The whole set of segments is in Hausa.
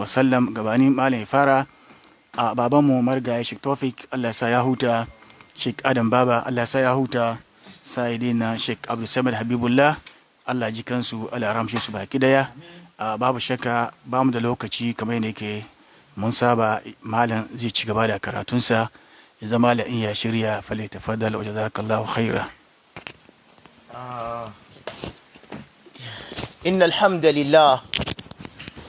wasallam gabanin malam ya fara a babanmu marigaya shek Tofik Allah sa ya huta shek Adam Baba Allah sa ya huta na shek abu Samad Habibullah Allah ji kansu Allah ramshe su baki daya babu shakka ba mu da lokaci kamar ne ke mun saba malam zai ci gaba da karatunsa ya zama la in ya shirya fale tafaddal wa jazakallahu khaira إن الحمد لله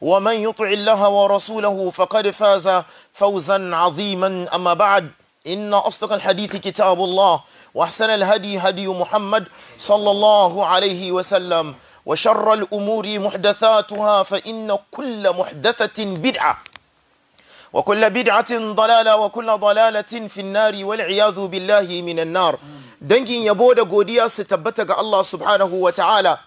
ومن يطع الله ورسوله فقد فاز فوزا عظيما أما بعد إن أصدق الحديث كتاب الله وأحسن الهدي هدي محمد صلى الله عليه وسلم وشر الأمور محدثاتها فإن كل محدثة بدعة وكل بدعة ضلالة وكل ضلالة في النار والعياذ بالله من النار دنجين يبود قوديا ستبتك الله سبحانه وتعالى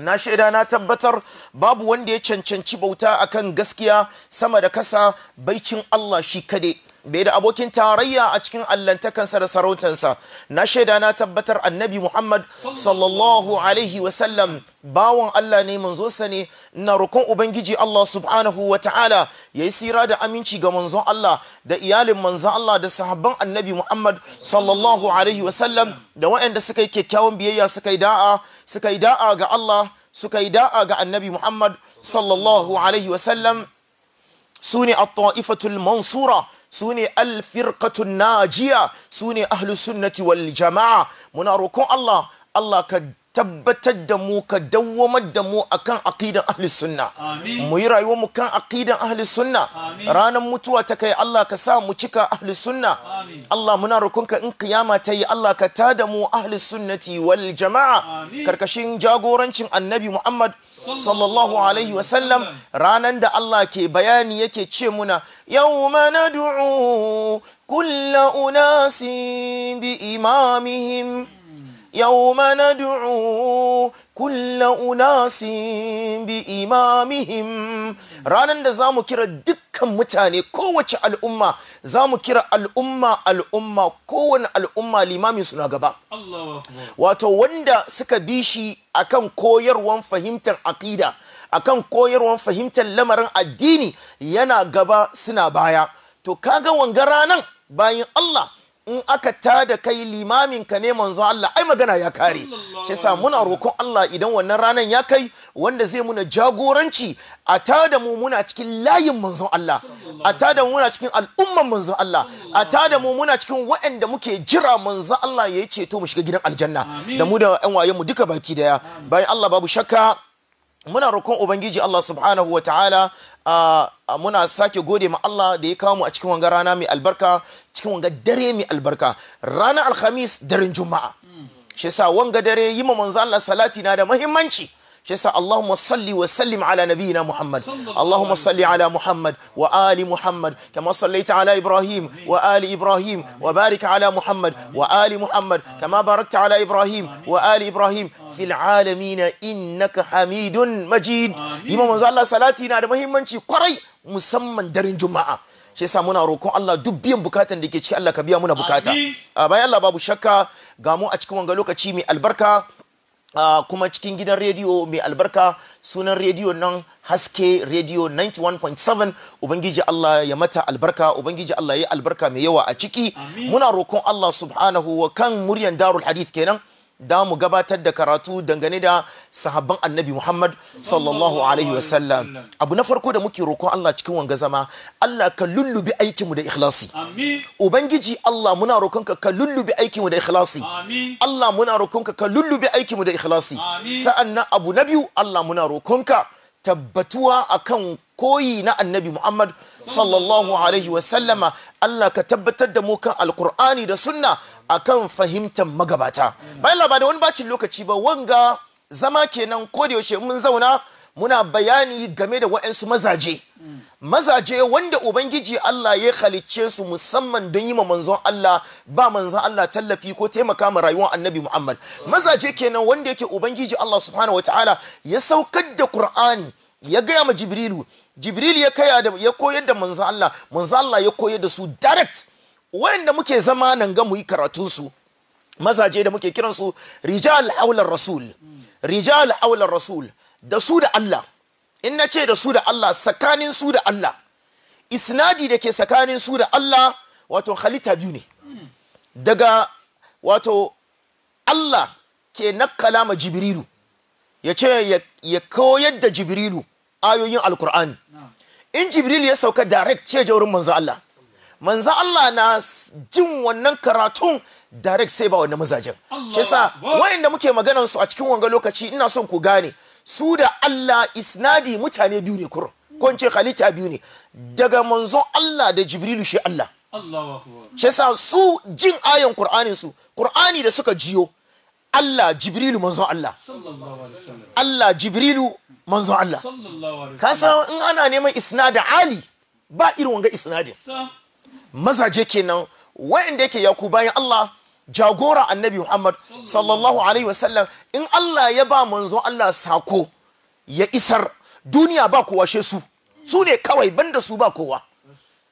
na shaida na tabbatar babu wanda ya cancanci bauta akan gaskiya sama da kasa baicin Allah shi kade bai da abokin tarayya a cikin allantakansa da sarautansa na shaida na tabbatar annabi muhammad sallallahu alaihi wasallam bawan allah ne manzo sa ne na rukun ubangiji allah subhanahu wa ta'ala ya yi sira da aminci ga manzo allah da iyalin manzo allah da sahabban annabi muhammad sallallahu alaihi wasallam da waɗanda suka yi kyakkyawan biyayya suka yi da'a suka yi da'a ga allah suka yi da'a ga annabi muhammad sallallahu alaihi wasallam su ne a ta'ifatul mansura su ne alfirkatun najiya su ne ahlusunnati wal jama'a muna roƙon Allah Allah ka tabbatar da mu ka dawwamar da mu akan aqidan ahli sunna mu yi rayuwar mu kan aqidan ahli sunna ranar mutuwa ta kai Allah ka sa mu cika ahli sunna Allah muna ka in kiyama ta yi Allah ka tada mu ahli sunnati wal jama'a karkashin jagorancin annabi Muhammad sallallahu alaihi sallam ranan da Allah ke bayani yake ce muna yawma nad'u kullu unasin bi imamihim يوم ندعو كل أناس بإمامهم ranan da zamu kira dukkan mutane kowace al'umma zamu kira al'umma al'umma kowane al'umma limamin suna gaba wato wanda suka bi shi akan koyarwan fahimtar aƙida, akan koyarwan fahimtar lamarin addini yana gaba suna baya to kaga wanga ranan bayan Allah in aka tada kai limamin ka ne manzo Allah ai magana ya kare shi yasa muna rokon Allah idan wannan ranan ya kai wanda zai muna jagoranci a tada mu muna cikin layin manzo Allah a tada mu muna cikin al'umman manzo Allah a tada mu muna cikin waɗanda muke jira manzo Allah ya yi ceto mu shiga gidan aljanna da mu da ƴan wayen mu duka baki daya bayan Allah babu shakka muna roƙon ubangiji Allah subhanahu wa ta'ala muna sake gode ma Allah da ya kawo mu a cikin wanga rana mai albarka cikin wanga dare mai albarka ranar alhamis daren juma'a shi sa wanga dare yi ma manzo Allah salati na da muhimmanci shi yasa Allahumma salli wa sallim ala nabiyyina Muhammad Allahumma salli ala Muhammad wa ali Muhammad kama sallaita ala Ibrahim wa ali Ibrahim wa barik ala Muhammad wa ali Muhammad kama barakta ala Ibrahim wa ali Ibrahim fil alamina innaka Hamidun Majid imam manzo Allah salati na da muhimmanci kwarai musamman daren juma'a shi yasa muna roƙon Allah duk biyan bukata da ke ciki Allah ka biya muna bukata a bayan Allah babu shakka ga mu a cikin wanga lokaci mai albarka Uh, kuma cikin gidan rediyo mai albarka sunan rediyo nan haske rediyo 91.7 ubangiji Allah ya mata albarka ubangiji Allah ya albarka mai yawa a ciki muna roƙon Allah subhanahu wa kan muryan darul hadith kenan da mu gabatar da karatu dangane da sahabban annabi Muhammad sallallahu alaihi wasallam abu na farko da muke roƙon Allah cikin wanga zama Allah ka lullubi aikinmu da ikhlasi ubangiji Allah muna roƙonka ka lullubi aikinmu da ikhlasi Allah muna roƙonka ka lullubi aikinmu da ikhlasi sa'annan abu na biyu Allah muna roƙonka tabbatuwa akan koyi na annabi Muhammad sallallahu alaihi wasallama Allah ka tabbatar da mu kan alkur'ani da sunna a kan fahimtar magabata bayan labarai wani bacin lokaci ba wanga zama kenan ko da yaushe mun zauna muna bayani game da waɗansu mazaje mazaje wanda ubangiji Allah ya halicce su musamman don yi ma manzon Allah ba manzon Allah tallafi ko taimaka ma rayuwar annabi Muhammad mazaje kenan wanda yake ubangiji Allah subhanahu wataala ya saukar da Qur'ani ya gaya ma Jibrilu jibril ya kaya da ya koyar da manzo Allah manzo Allah ya koyar da su direct wayanda muke zama nan ga muyi yi karatun su mazaje da muke kiran su rijal aular rasul rijal aular rasul da su da Allah in na ce da su da Allah tsakanin su da Allah isnadi da ke tsakanin su da Allah wato halitta biyu ne daga wato Allah ke nakkala ma jibrilu ya ce ya koyar da jibrilu ayoyin alkur'ani in jibril ya sauka direct ce ja wurin manzo Allah manzo Allah na jin wannan karatun direct sai ba wannan mazajen shi yasa wayanda muke maganan su a cikin wanga lokaci ina son ku gane su da Allah isnadi mutane biyu ne kurum ko ce halitta biyu ne daga manzo Allah da jibril shi Allah shi yasa su jin ayon qur'anin su qur'ani da suka jiyo Allah jibrilu manzon Allah Allah jibrilu manzon Allah kasan in ana neman isnada ali ba irin wanga isnadin mazaje kenan wa'anda yake yaku bayan Allah jagora annabi Muhammad sallallahu alaihi wasallam in Allah ya ba manzon Allah sako ya isar duniya ba kowa she su su ne kawai banda su ba kowa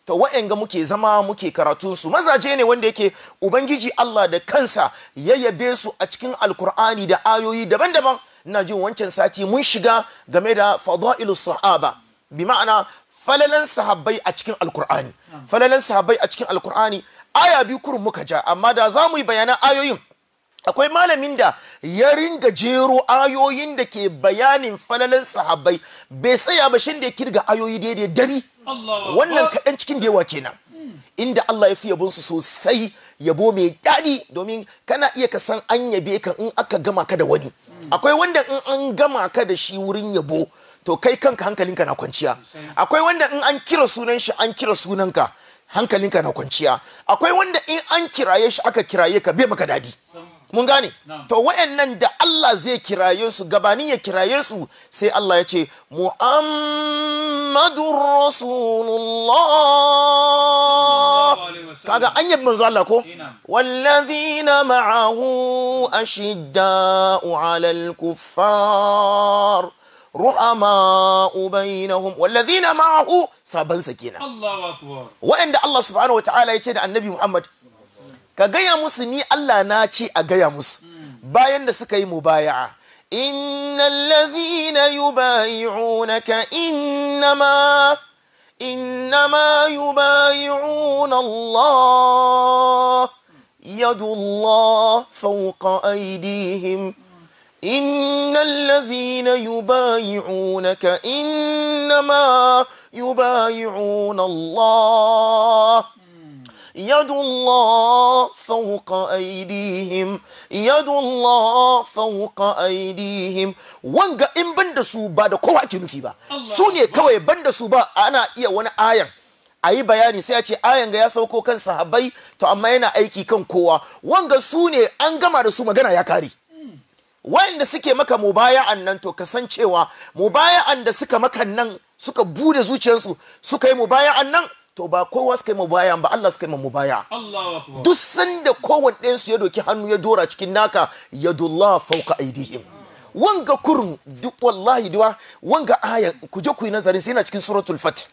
to wa'anga muke zama muke karatun su mazaje ne wanda yake ubangiji Allah da kansa ya yabe su a cikin alkur'ani da ayoyi daban-daban ina jin wancan sati mun shiga game da fadailu sahaba bi ma'ana falalan sahabbai a cikin alkur'ani falalan sahabbai a cikin alkur'ani aya biyu kurun muka ja amma da za mu yi bayanan ayoyin akwai malamin da ya ringa jero ayoyin da ke bayanin falalan sahabbai bai tsaya ba shin da kirga ayoyi daidai dari wannan kaɗan cikin da yawa kenan hmm. inda Allah ya fi yabon su sosai yabo mai daɗi domin kana iya ka san an yabe ka in aka gama ka da wani akwai wanda in an gama ka da shi wurin yabo to kai kanka hankalinka na kwanciya akwai wanda in an kira sunan shi an kira sunanka hankalinka na kwanciya akwai wanda in an kiraye shi aka kiraye ka bai maka daɗi. mun gane to wayannan da Allah zai kiraye su gabanin ya kiraye su sai Allah ya ce Muhammadur Rasulullah kaga an yabi manzo Allah ko eh, wallazina ma'ahu ashidda'u 'alal kuffar ru'ama bainahum wallazina ma'ahu saban sakina Allahu akbar wa'anda Allah subhanahu wa ta'ala ya ce da annabi Muhammad ka gaya musu ni Allah na ce a gaya musu bayan da suka yi mubaya'a yi ladhina ka innama innama yubayi'una Allah yadu Allah yi aydihim إن الذين يبايعونك yi يبايعون الله يد الله فوق أيديهم يد الله فوق أيديهم wanga in ban da su ba da kowa سوني nufi ba su ne kawai ban da su ba ana iya wani ayan a yi bayani sai a ce ayan ga ya sauko kan sahabbai to amma yana aiki kan kowa wanga su ne an gama da su magana ya kare wayanda suke maka mubaya'an nan to kasancewa mubaya'an da suka maka nan suka bude zuciyarsu suka yi mubaya'an nan to ba kowa suka yi mu baya ba Allah suka yi mu baya duk sanda kowanne su ya doki hannu ya dora cikin naka Ya dullah fauka aidihim wanga kurun duk wallahi duwa wanga aya ku je ku yi nazarin sai na cikin suratul fat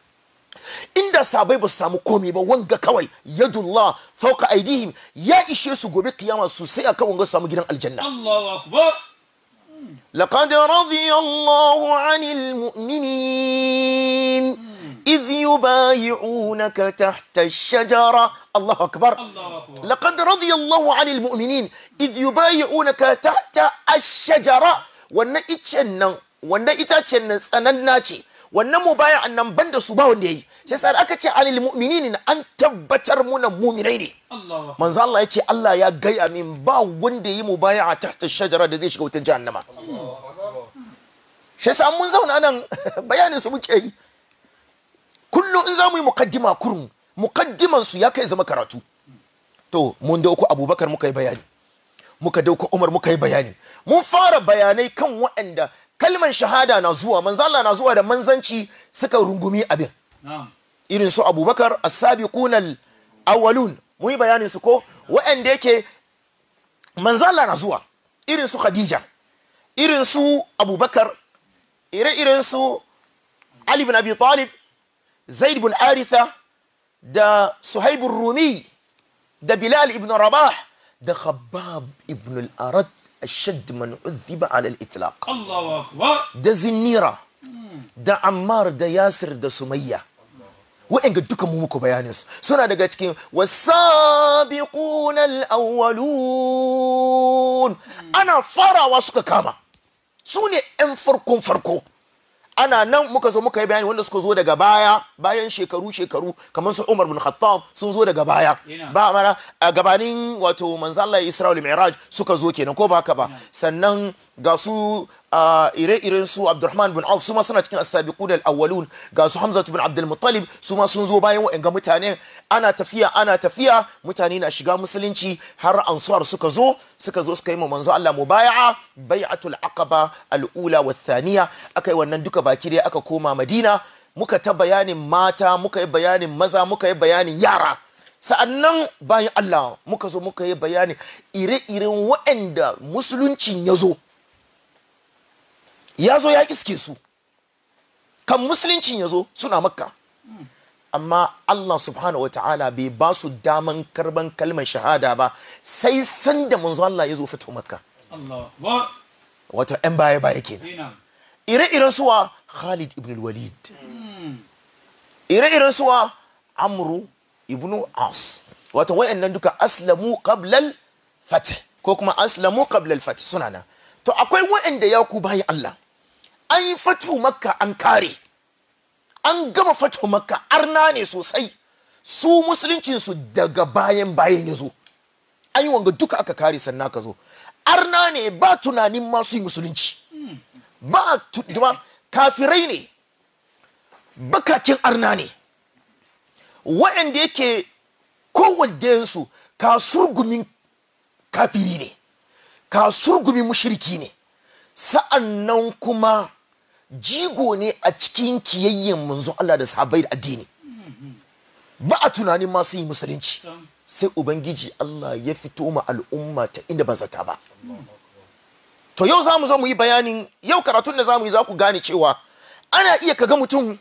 inda sabai ba su samu komai ba wanga kawai Ya dullah fauka aidihim ya ishe su gobe kiyama su sai akan wanga su samu gidan aljanna Allahu akbar laqad radiya Allahu 'anil mu'minin إذ يبايعونك تحت الشجرة الله أكبر لقد رضي الله عن المؤمنين إذ يبايعونك تحت الشجرة wannan icen nan wannan itacen nan tsananna ce wannan mubayan nan banda su ba wanda yayi sai sai aka ce alil mu'minin an tabbatar muna mu'minai ne manzo Allah ya ce Allah ya gaya min ba wanda yayi mubaya'a tahta shajara da zai shiga wutan jahannama shi yasa mun zauna nan bayanin su muke yi kullum in za mu yi mukaddima kurun mukaddiman su ya kai zama karatu to mun dauko abubakar muka yi bayani muka dauko umar muka yi bayani mun fara bayanai kan waɗanda kalman shahada na zuwa manzala na zuwa da manzanci suka rungumi abin irin su abubakar as-sabiqun awwalun mun yi bayanin su ko waɗanda yake manzala na zuwa irin su khadija irin su abubakar ire-iren su ali bin abi talib زيد بن aritha ده صهيب الرومي ده بلال ابن رباح ده خباب ابن الأرد الشد من عذب على الإطلاق الله أكبر ده زنيرة ده عمار ده ياسر ده سمية وإن قد دكم موكو بيانيس سنة كيم والسابقون الأولون أنا فرا واسك كاما سوني انفركم فركو ana nan muka zo muka yi bayani wanda suka zo daga baya bayan shekaru shekaru kamar su Umar bin Khattab sun zo daga baya ba mana a gabanin wato manzo Allah Isra'il Mi'raj suka zo kenan ko ba haka ba sannan ga su a ire-iren su Abdurrahman bin Auf su ma suna cikin as-sabiqun al-awwalun ga su Hamza bin Abdul Muttalib su ma sun zo bayan wa'anga mutane ana tafiya ana tafiya mutane na shiga musulunci har ansuwar suka zo suka zo suka yi ma manzo Allah mubaya'a bai'atul aqaba al-ula wa thaniya akai wannan duka baki dai aka koma Madina muka ta bayanin mata muka yi bayanin maza muka yi bayanin yara sa'annan bayan Allah muka zo muka yi bayanin ire-iren waɗanda musuluncin ya zo ya zo ya iske su kan musuluncin ya zo suna makka amma Allah subhanahu wa ta'ala bai ba su daman karban kalmar shahada ba sai san da manzo Allah ya zo fito makka wato 'yan baya baya kenan ire-iren suwa Khalid ibn walid hmm. ire-iren suwa Amru ibn As wato wayannan duka aslamu qablal fath ko kuma aslamu qablal fath suna nan to akwai wayanda ya ku Allah an yi fatu makka an kare an gama fatu makka arna ne sosai su musuluncinsu daga bayan bayan ya zo an yi wanga duka aka kare sannan ka zo arna ne ba tunanin masu yi musulunci ba kafirai ne bakakin arna ne waɗanda yake ka surgumin kafiri ne ka surgumin mushiriki ne sa'an nan kuma jigo ne a cikin kiyayyen manzon Allah da sahabbai da addini ba a tunanin ma sun yi musulunci sai ubangiji Allah ya fito ma al'umma ta inda ba zata ba to yau zamu zo mu yi bayanin yau karatun da zamu yi za ku gane cewa ana iya kaga mutum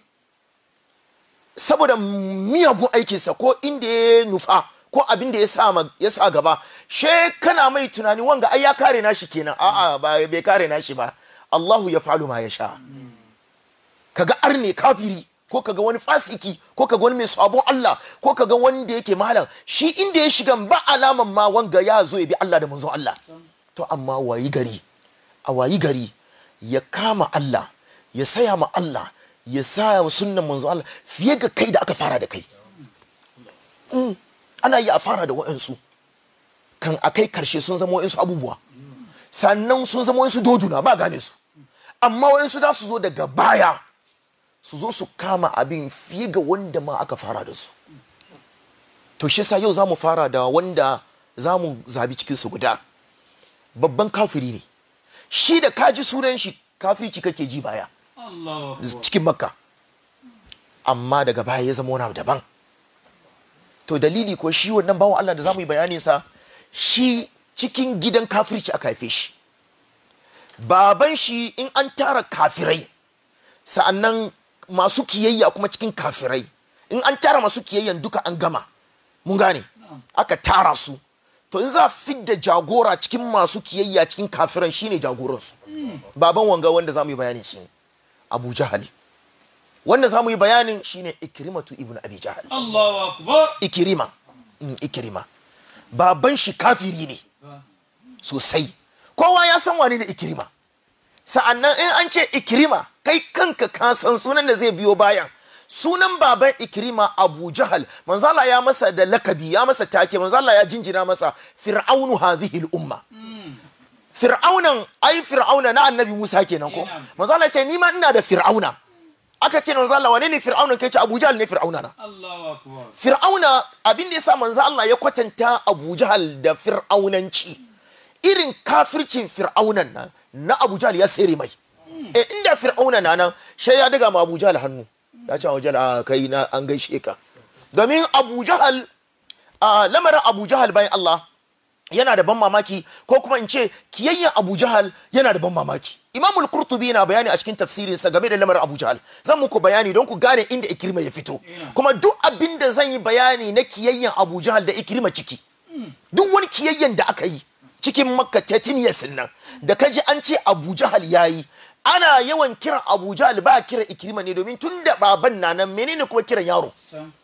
saboda miyagun aikinsa ko inda ya nufa ko abin da ya sa gaba she kana mai tunani wanga ai ya kare nashi kenan a'a ba bai kare nashi ba Allahu ya fa'alu ma yasha kaga arne kafiri ko kaga wani fasiki ko kaga wani mai sabon Allah ko kaga wanda yake malam shi inda ya shiga ba alaman ma wanga ya zo ya bi Allah da manzon Allah to amma wayi gari a wayi gari ya kama Allah ya saya ma Allah ya saya wa sunnan manzon Allah fiye ga kai da aka fara da kai mm, ana yi a fara da waɗansu kan akai karshe sun zama wa'ansu abubuwa sannan sun zama wa'ansu doduna ba gane su amma waɗansu za su zo daga baya su zo su kama abin fiye ga wanda ma aka fara da su to shi yau zamu fara da wanda zamu mu zabi cikinsu guda babban kafiri ne shi da kaji sunan shi kafirci kake ji baya cikin makka amma daga baya ya zama wani daban to dalili ko shi wannan bawan Allah da zamu mu yi bayanin sa shi cikin gidan kafirci aka haife shi baban shi in an tara kafirai sa'annan masu kiyayya kuma cikin kafirai in an tara masu kiyayyan duka an gama mun gane aka tara su to in za a fidda jagora cikin masu kiyayya cikin kafiran shine jagoransu baban wanga wanda za mu yi bayanin shine abu jahali wanda za mu yi bayanin shine ikrimatu ibn abi jahal Allahu akbar ikrima mm, baban shi kafiri ne sosai kowa ya san wane ne ikirima sa'annan in an ce ikirima kai kanka ka san sunan da zai biyo bayan sunan baban ikirima abu jahal manzala ya masa da lakabi ya masa take manzala ya jinjina masa fir'aunu hadhihi umma fir'aunan ai fir'auna na annabi musa kenan ko manzala ce ni ma ina da fir'auna aka ce manzo Allah wane ne Fir'auna kai ce Abu Jahl ne Fir'auna na Allahu akbar Fir'auna abin da yasa manzo Allah ya kwatanta Abu Jahl da Fir'aunanci irin kafircin fir'aunan nan na abu jahal ya tsere mai e inda fir'auna na nan shai ya daga ma abu jahal hannu ya ce abu a kai na an gaishe ka domin abu jahal a lamarin abu jahal bayan allah yana da ban mamaki ko kuma in ce kiyayyen abu jahal yana da ban mamaki imamul kurtubi na bayani a cikin tafsirinsa game da lamarin abu jahal zan muku bayani don ku gane inda ikirma ya fito kuma duk abin da zan yi bayani na kiyayyen abu jahal da ikirma ciki hmm. duk wani kiyayyen da aka yi cikin makka 13 years nan da kaji an ce abu jahal yayi ana yawan kiran abu jahal ba kiran ikirma ne domin tun da baban na nan menene kuma kiran yaro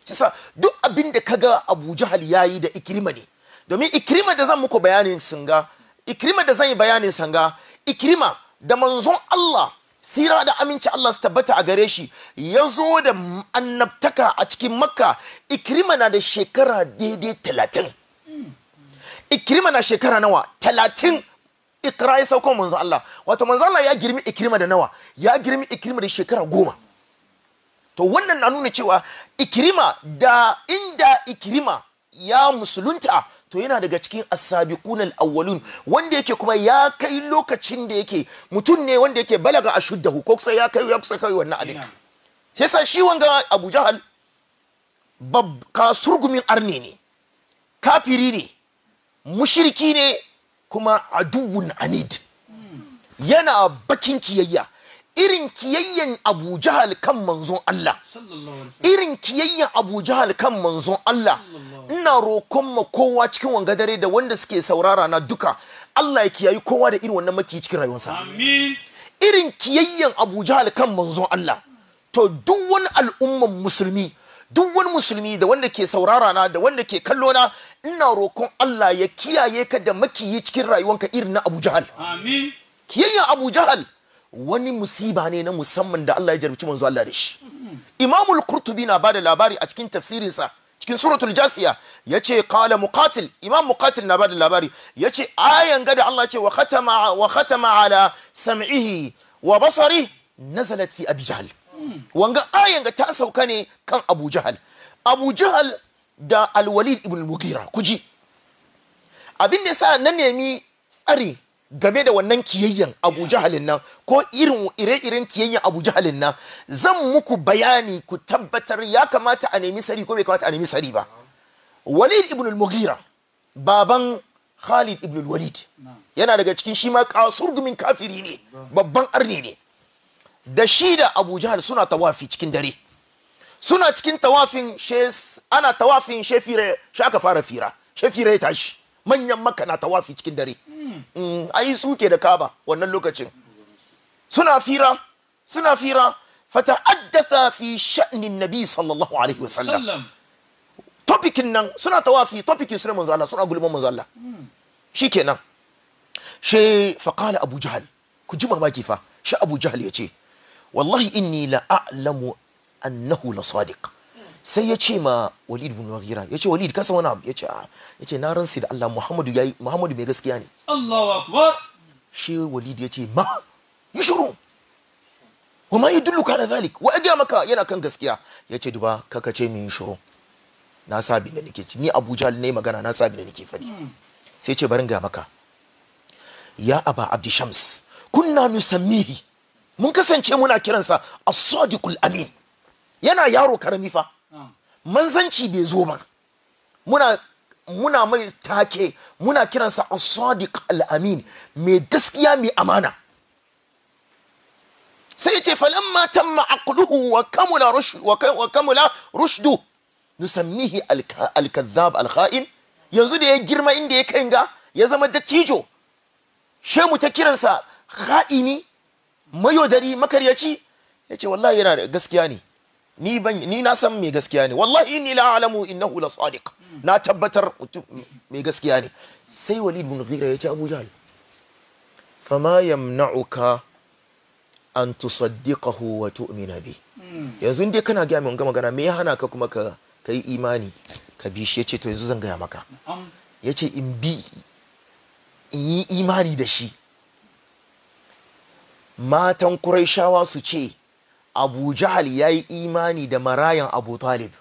kisa duk abin da kaga abu jahal yayi da ikirma ne domin ikirma da zan muku bayanin sanga ikirma da zan yi bayanin sanga ikirma da manzon Allah sira da aminci Allah su tabbata a gare shi ya zo da annabtaka a cikin makka ikirma na da shekara daidai talatin ikirma na shekara nawa talatin ikra ya sauko manzo Allah wato manzo Allah ya girmi ikirma da nawa ya girmi ikirma da shekara goma to wannan na nuna cewa ikirima da inda ikirima ya musulunta to yana daga cikin asabiqun al-awwalun wanda yake kuma ya kai lokacin da yake mutum ne wanda yake balaga ashuddahu ko sai ya kai ya kusa kai wannan adin sai sa shi wanga Abu Jahal bab kasurgumin arne ne kafiri ne mushiriki ne kuma aduwun anid yana bakin kiyayya irin kiyayyan abu jahal kan manzon Allah irin kiyayyan abu jahal kan manzon Allah ina roƙon ma kowa cikin wanga dare da wanda suke saurara na duka Allah ya kiyayi kowa da irin wannan maki cikin rayuwarsa sa. irin kiyayyan abu jahal kan manzon Allah to duk wani al'umman musulmi duk wani musulmi da wanda ke saurara na da wanda ke kallo na ina roƙon Allah ya kiyaye ka da makiyi cikin rayuwanka irin na Abu Jahal amin kiyayya Abu Jahal wani musiba ne na musamman da Allah ya jarabci manzo Allah da shi Imamul Qurtubi na bada labari a cikin tafsirinsa cikin suratul jasiya yace qala muqatil imam muqatil na bada labari yace ayan gada Allah yace wa khatama wa khatama ala sam'ihi wa basari nazalat fi abi jahal. wanga ayan ga ta sauka ne kan Abu Jahal Abu Jahal da alwalid ibn mugira kuji abin da sa na nemi tsari game da wannan kiyayyan Abu Jahalin nan ko irin ire-iren kiyayyan Abu Jahalin nan zan muku bayani ku tabbatar ya kamata a nemi sari ko bai kamata a nemi sari ba Walid ibn al baban Khalid ibn walid yana daga cikin shi ma kasurgumin kafiri ne babban arni ne da shi da abu jahal suna tawafi cikin dare suna cikin tawafin ana tawafin shefire shi aka fara fira shefire ya tashi manyan maka na tawafi cikin dare mm, ai suke da kaba wannan lokacin suna fira suna fira fata'addatha fi sha'nin nabi sallallahu alaihi wasallam topikin nan suna tawafi topikin suna manzo Allah suna gulman manzo Allah hmm. shikenan she faqala abu jahal ku ji mamaki fa shi abu jahal yace wallahi inni la a'lamu annahu la sadiq sai ya ce ma walid bin mughira ya ce walid kasa wani abu ya ce ah. ya ce na ransa da Allah muhammadu yayi muhammadu mai gaskiya ne Allahu akbar shi walid ya ce ma yi shiru wa ma dulluka kana zalik wa aga maka yana kan gaskiya ya ce duba kaka ce min shiru na sabi da nake ci ni abuja ne magana na sabi da nake fadi hmm. sai ce barin ga maka ya aba abdi shams kunna nusammihi mun kasance muna kiransa as-sadiqul amin yana yaro karami fa ah. manzanci bai zo ba muna muna mai take muna kiransa as-sadiq al-amin mai gaskiya mai amana sai ce falamma tamma aqluhu wa kamula rushdu wa kamula rushdu nusammihi al-kadhab al-kha'in yanzu da ya girma inda ya kai ga ya zama dattijo shemu ta kiransa kha'ini mayodari makaryaci ya ce wallahi yana da gaskiya ne ni ban ni na san mai gaskiya ne wallahi inni la alamu innahu la sadiq na tabbatar mai gaskiya ne sai walid bin ghira ya ce abu jahl fama yamna'uka an tusaddiqahu wa tu'mina bi yanzu dai kana ga mun ga magana me ya hana ka kuma ka kai imani ka bi shi yace to yanzu zan gaya maka yace in bi in yi imani da shi matan kuraishawa su ce Abu Jahal yi imani da marayan Abu Talib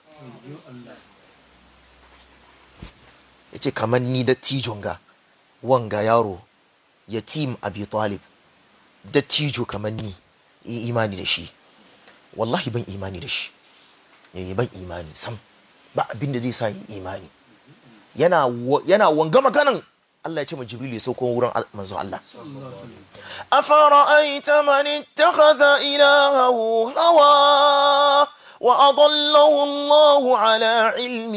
Ya ce kamar ni da tijonga wanga yaro tim abu Talib da tijo kamar ni imani da shi wallahi ban imani da shi Ya eh, yi ban imani sam ba abin da zai sa imani yana yana wanga maganan الله يجمع جبريل ma Jibril ya sauko wurin manzo Allah afara'aita man وأضله الله على علم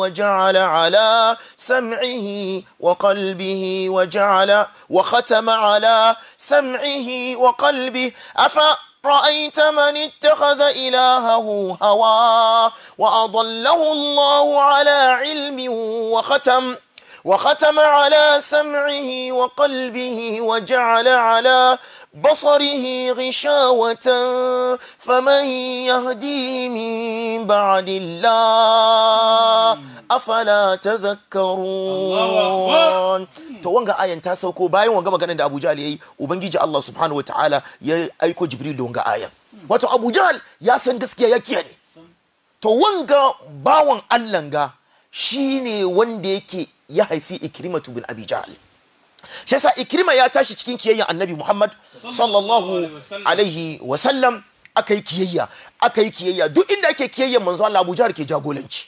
وجعل على سمعه وقلبه وجعل وختم على سمعه وقلبه أفرأيت رأيت من اتخذ إلهه هواه وأضله الله على علم وختم وختم على سمعه وقلبه وجعل على بصره غشاوة فمن يهديه من بعد الله أفلا تذكرون to wanga ayan ta sauko bayan wanga maganar da Abu Jahl yayi ubangiji Allah subhanahu wataala ya aiko Jibril da wanga ayan wato Abu Jahl ya san gaskiya ya kiyaye to wanga bawan Allah ga shine wanda yake ya haifi ikrimatu bin abi jahal shi yasa ikrima ya tashi cikin kiyayya annabi muhammad sallallahu alaihi wa sallam aka yi kiyayya aka yi kiyayya duk inda ake kiyayya manzo Allah Abu Jahal ke jagoranci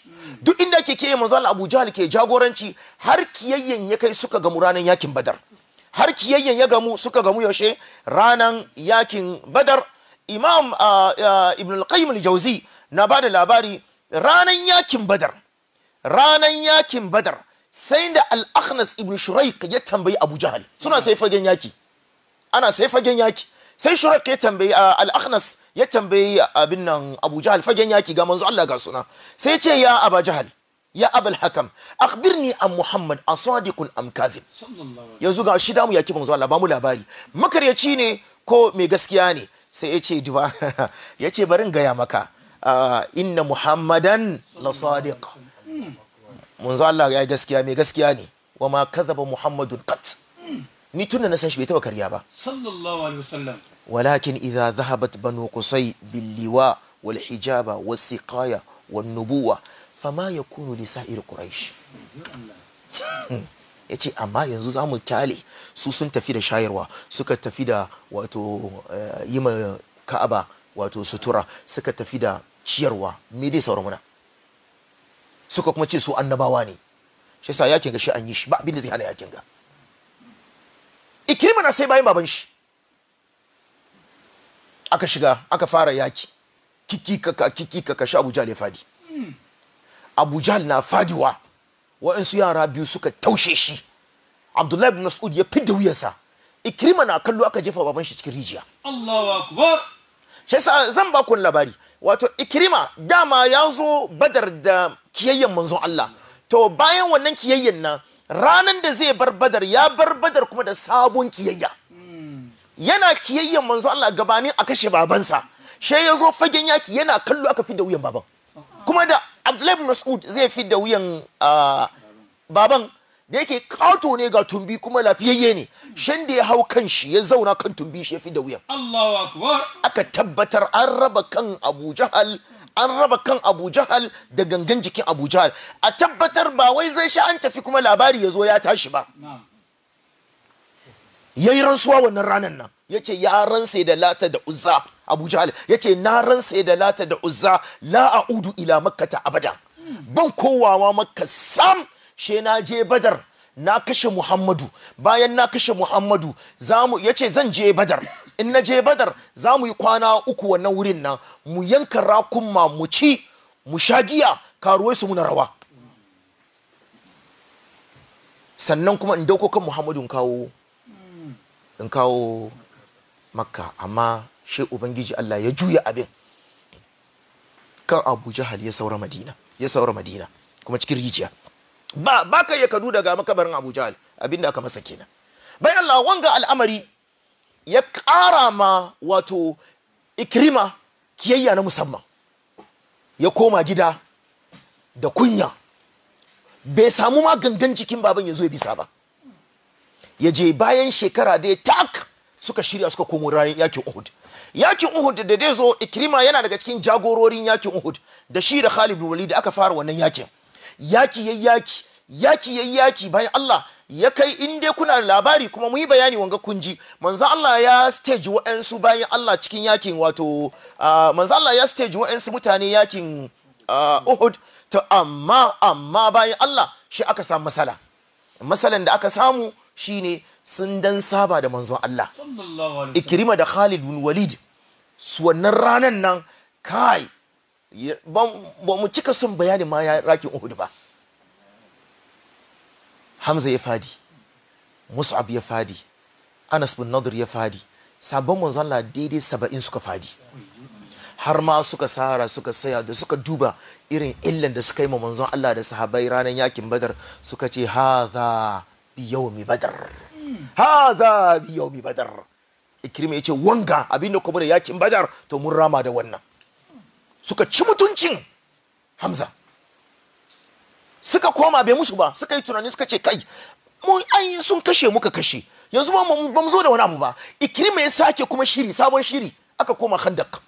duk inda ake kiyayya manzo Allah Abu Jahal ke jagoranci har kiyayyan ya kai suka gamu ranan yakin Badar har kiyayyan ya gamu suka gamu yaushe ranan yakin Badar Imam ah, ah, Ibn al-Qayyim al-Jawzi na bada labari ranan yakin Badar ranan yakin Badar sai da al-akhnas ibn shuraik ya tambayi abu jahal suna sai fagen yaki ana sai fagen yaki sai shuraik ya tambayi al-akhnas ya tambayi abin nan abu jahal fagen yaki ga manzo Allah ga suna sai ce ya aba jahal ya abul hakam akhbirni an muhammad a am kadhib yanzu ga shi damu yaki manzo Allah ba mu labari makaryaci ne ko mai gaskiya ne sai ya ce duba ya ce barin gaya maka inna muhammadan la sadiq manzo Allah ya gaskiya mai gaskiya ne wa ma kadhaba muhammadun qat ni tunda na san shi bai taba karya ba sallallahu alaihi wasallam walakin idza dhahabat banu qusay bil liwa wal hijaba was siqaya wan nubuwa fama yakunu li sa'ir quraish hmm. yace amma yanzu zamu kyale su sun tafi da shayarwa suka tafi da wato eh, yima ka'aba wato sutura suka tafi da ciyarwa me dai sauran muna suka kuma ce su annabawa ne shi yasa yakin ga shi an yi shi ba abin da zai hana yakin ga ikirma na sai bayan baban shi aka shiga aka fara yaki kiki kaka kiki kaka shi abuja ya fadi abuja na fadiwa wa'ansu yara biyu suka taushe shi abdullahi ibn mas'ud ya fidda wuyansa ikrima na kallo aka jefa baban shi cikin rijiya Allahu akbar shi yasa zan ba ku labari wato Ikirima dama ya zo badar da kiyayyen manzon Allah to bayan wannan kiyayyen nan ranan da zai bar badar ya bar badar kuma da sabon kiyayya yana kiyayyen manzon Allah gabanin a kashe babansa shi ya zo fagen yaki yana kallo aka fi da wuyan baban kuma da Abdullahi Mas'ud zai fi da wuyan ah, baban da yake kato ne ga tumbi kuma lafiyayye ne shan da ya hau kan shi ya zauna kan tumbi shi ya fi da wuyan Allahu akbar aka tabbatar an raba kan Abu Jahal an raba kan Abu Jahal da gangan jikin Abu Jahal a tabbatar ba wai zai sha an tafi kuma labari ya zo ya tashi ba yayi rantsuwa wannan ranar nan yace ya ransa da lata da uzza Abu Jahal yace na ransa da lata da uzza la udu ila ta abada hmm. ban kowawa makka sam she na je badar na kashe muhammadu bayan na kashe muhammadu zamu yace zan je badar in na je badar za mu yi kwana uku wannan wurin nan mu yanka rakunma mu ci mu sha giya karuwai su muna rawa sannan kuma in dauko kan muhammadu in kawo in kawo makka amma she ubangiji allah ya juya abin kan abu jahal ya saura madina ya saura madina kuma cikin rijiya ba ba ka iya kadu daga makabarin Abu Jahal abinda aka masa kenan bai Allah wanga al'amari ya ƙara ma wato ikrima kiyayya na musamman ya koma gida da kunya bai samu ma gangan cikin baban ya zo ya bisa ba ya je bayan shekara da ya tak suka shirya suka komo ranar yakin uhud yakin uhud da dai zo ikrima yana daga cikin jagororin yakin uhud da shi da khalid bin walid da aka fara wannan yakin yaki yayi yaki yaki yayi yaki bayan Allah ya kai in dai kuna da labari kuma mu yi bayani wanga kunji manzo Allah ya stage wa'ansu bayan Allah cikin yakin wato manzo Allah ya stage wa'ansu mutane yakin Uhud to amma amma bayan Allah shi aka samu masala masalan da aka samu shine sun dan saba da manzon Allah ikrima da Khalid bin Walid su wannan ranan nan kai ba mu cika son bayani ma ya rakin uhud ba hamza ya fadi mus'ab ya fadi anas bin nadir ya fadi sabon manzo Allah daidai saba'in suka fadi har ma suka sara suka saya da suka duba irin illan da suka yi ma manzon Allah da sahabai ranar yakin badar suka ce haza bi mi badar haza bi mi badar ikrima yace wanga abinda kuma da yakin badar to mun rama da wannan suka ci mutuncin hamza suka koma bai musu ba suka yi tunani suka ce kai mun an sun kashe muka kashe yanzu ba mu zo da wani abu ba ikrima ya sake kuma shiri sabon shiri aka koma khandak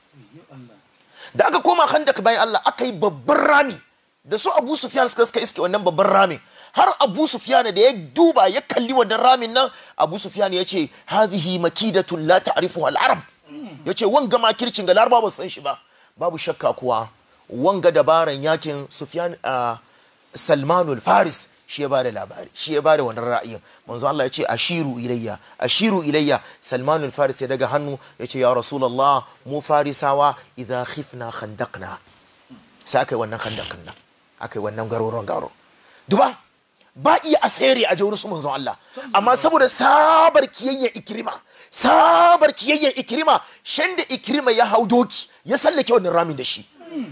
da aka koma khandak bayan Allah aka yi babban rami da su Abu Sufyan suka suka iske wannan babban ramin har Abu Sufyan da ya duba ya kalli wannan ramin nan Abu Sufyan ya ce hadhihi makidatun la ta'rifuha al-arab ya ce wanga makircin ga larba ba san shi ba babu shakka kuwa wanga dabaran yakin sufyan salmanul faris shi ya bada labari shi ya bada wannan ra'ayin manzo Allah ya ce ashiru ilayya ashiru ilayya salmanul faris ya daga hannu ya ce ya rasulullah mu farisawa idza khifna khandaqna sai kai wannan khandaqin nan akai wannan garuruwan garo duba ba iya asere a jawar su manzo Allah amma saboda sabar kiyayyen ikrima sabar kiyayyen ikrima shan da ikrima ya hau doki ya sallake wannan ramin da shi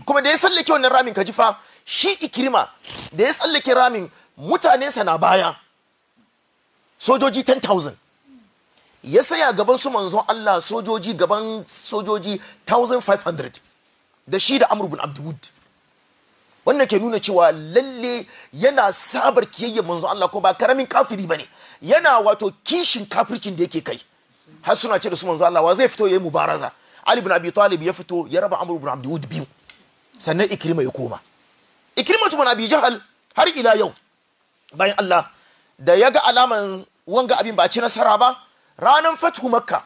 kuma da ya sallake wannan ramin ka ji fa shi ikirima da ya sallake ramin mutanensa na baya sojoji 10,000 ya saya gaban su manzon Allah sojoji gaban sojoji 1,500 da shi da Amr bin Abdulwud wannan ke nuna cewa lalle yana sabar kiyayya manzon Allah ko ba karamin kafiri bane yana wato kishin kafircin da yake kai har suna ce da su manzon Allah wa zai fito yayi mubaraza ali ibn abi talib ya fito ya raba amr ibn abd biyu sannan ikrima ya koma ikrima tuma abi jahal har ila yau bayan Allah da ya ga alaman wanga abin ba ci nasara ba ranan fathu makka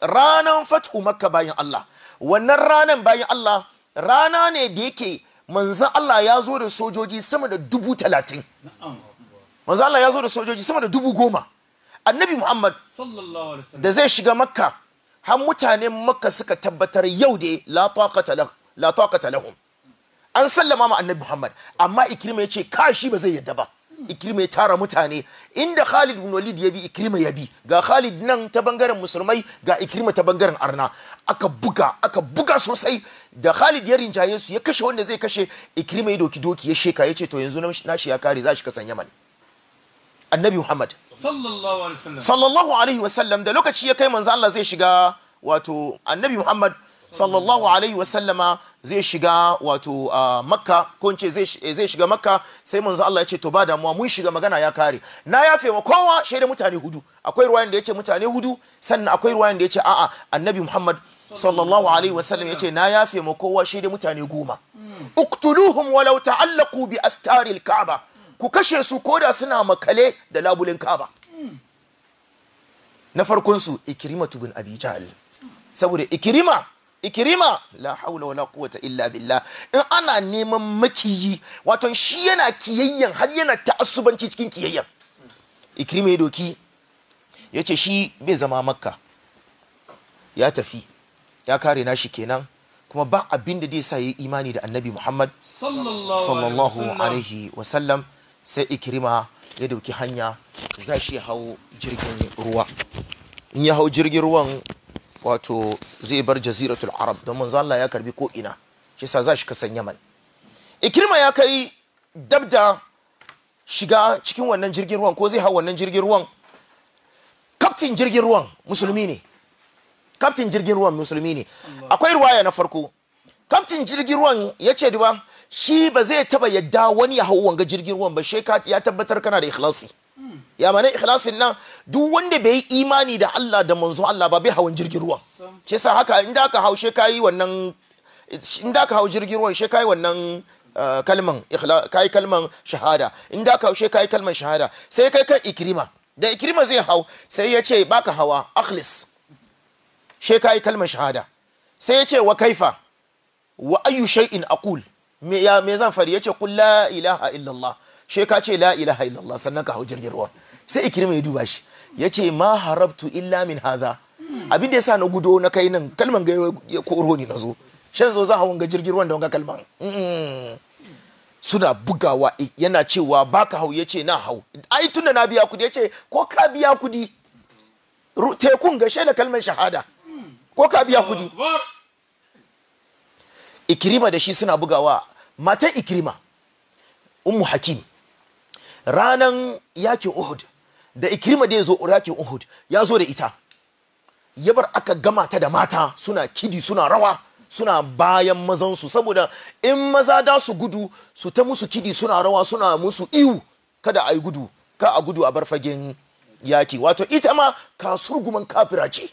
ranan fathu makka bayan Allah wannan ranan bayan Allah rana ne da yake manzan Allah ya zo da sojoji sama da dubu talatin manzan Allah ya zo da sojoji sama da dubu goma annabi Muhammad da zai shiga makka har mutanen maka suka tabbatar yau da la taqata lahum an sallama ma annabi muhammad amma ikrima ya ce kashi ba zai yadda ba ikrima ya tara mutane inda khalid bin walid ya bi ikrima ya bi ga khalid nan ta bangaren musulmai ga ikrima ta bangaren arna aka buga aka buga sosai da khalid ya rinjaye su ya kashe wanda zai kashe ikrima ya doki doki ya sheka ya ce to yanzu na shi ya kare za shi kasan yaman annabi muhammad sallallahu alaihi wasallam da lokaci ya kai manzo Allah zai shiga wato annabi Muhammad sallallahu alaihi wasallama zai shiga wato makka ko ce zai shiga makka sai manzo Allah ya ce to ba damuwa mun shiga magana ya kare na yafe ma kowa da mutane hudu akwai ruwayan da ya ce mutane hudu sannan akwai ruwayan da ya ce a'a annabi Muhammad sallallahu alaihi wasallam ya ce na yafe ma kowa da mutane goma hmm. uktuluhum walau ta'allaqu bi astaril ka'ba ku kashe su ko da suna makale da labulin kaba na farkon su ikirima tubin abi saboda ikirima ikirima la haula wala quwwata illa billah in ana neman makiyi wato shi yana kiyayyen har yana ta'assubanci cikin kiyayyen ikirima ya doki ya ce shi bai zama makka ya tafi ya kare nashi kenan kuma ba abin da zai sa yi imani da annabi muhammad sallallahu alaihi wasallam sai ikirima ya dauki hanya za shi hau jirgin ruwa in ya hau jirgin ruwan wato zai bar jaziratul arab don manzo Allah ya karbi ko ina shi sa za shi kasan yaman Ikirima ya kai dabda shiga cikin wannan jirgin ruwan ko zai hau wannan jirgin ruwan kaftin jirgin ruwan musulmi ne kaftin jirgin ruwan musulmi ne akwai ruwaya na farko kaftin jirgin ruwan ya ce duba shi ba zai taba yadda wani ya hau wanga jirgin ruwan ba shi ya tabbatar kana da ikhlasi ya mana ikhlasin nan duk wanda bai yi imani da Allah da manzo Allah ba bai hawan jirgin ruwan shi yasa haka in da ka hau shi kai wannan inda ka hau jirgin ruwan shi kai wannan eh, kalman kai kalman shahada in da ka hau shi kai kalman shahada sai kai kan ikrima da ikrima zai hau sai ya ce baka hawa akhlis shi kai kalman shahada sai ya ce wa kaifa wa ayyu shay'in aqul me zan fari yace kul la ilaha illallah she ka ce la ilaha illallah sannan ka hau jirgin ruwa sai ikirma ya duba shi yace ma harabtu illa min hadha abin da yasa na gudo na kai nan kalman ga ya koro ni nazo shan zo za hawan ga jirgin ruwan da wanga kalman suna bugawa eh, yana cewa baka hau yace na hau ai tunda na biya kudi yace ko ka biya kudi tekun ga da kalmar shahada ko ka biya kudi ikirima da shi suna bugawa matan ikrima ummu hakim ranan yakin uhud da ikrima da ya zo yakin uhud ya zo da ita ya bar aka gama ta da mata suna kidi suna rawa suna bayan mazansu saboda in maza da su gudu su ta musu kidi suna rawa suna musu iwu kada a yi gudu ka a gudu a bar fagen yaki wato ita ma kasurguman kafira ce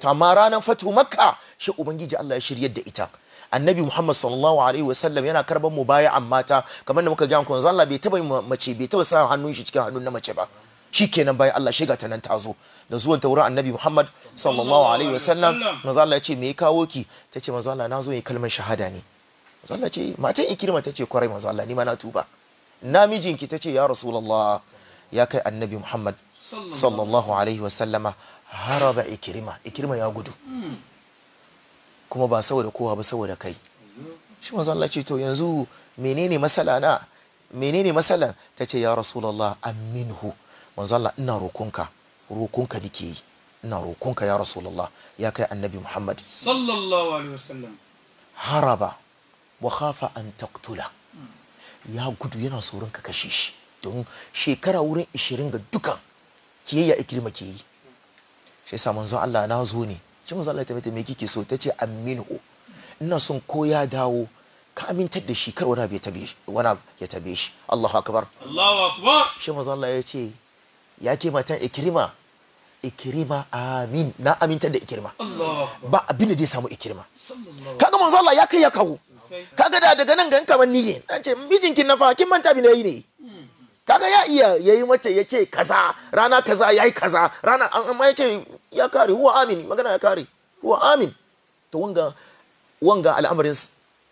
ta ma ranar fatu makka shi ubangiji allah ya shiryar da ita annabi muhammad sallallahu alaihi wasallam yana karban mu baya an mata kamar da muka ga kun Allah bai taba mace bai taba sa hannun shi cikin hannun na mace ba shikenan bayan Allah shiga ta nan ta zo da zuwan ta wurin annabi muhammad sallallahu alaihi wasallam manzo Allah ya ce me ya kawo ki tace manzo Allah na zo yi kalmar shahada ne manzo Allah ce matan ikirma tace kwarai manzo Allah ni ma na tuba namijinki tace ya rasulullah ya kai annabi muhammad sallallahu alaihi wasallama haraba ikirma ikirma ya gudu hmm. kuma ba saboda kowa ba saboda kai shi manzo Allah ce to yanzu menene masala na menene masalan ta ce ya rasulullah aminhu manzo Allah ina rokonka rokonka nake yi ina rokonka ya rasulullah ya kai annabi Muhammad sallallahu alaihi wasallam haraba wa khafa an taqtula ya gudu yana tsoron ka kashe shi don shekara wurin 20 ga dukan kiyayya ikirma ke yi sai sa manzo Allah na zo ne shi manzo Allah ya mata me kike so ta tace amminhu ina son ko ya dawo ka amintar da shi kar wani ya tabe shi wani ya tabe shi Allahu akbar Allahu akbar shi manzo Allah ya ce ya ke matan ikrima ikirima amin na aminta da ikirima ba abin da zai samu ikirima kaga manzo Allah ya kai ya kawo kaga da daga nan ga kamar niye ce mijinki na fa kin manta bi ne yi ne kaga ya iya yayi mace ya ce kaza rana kaza yayi kaza rana amma ya ce ya kare huwa amin magana ya kare huwa amin to wanga wanga al'amarin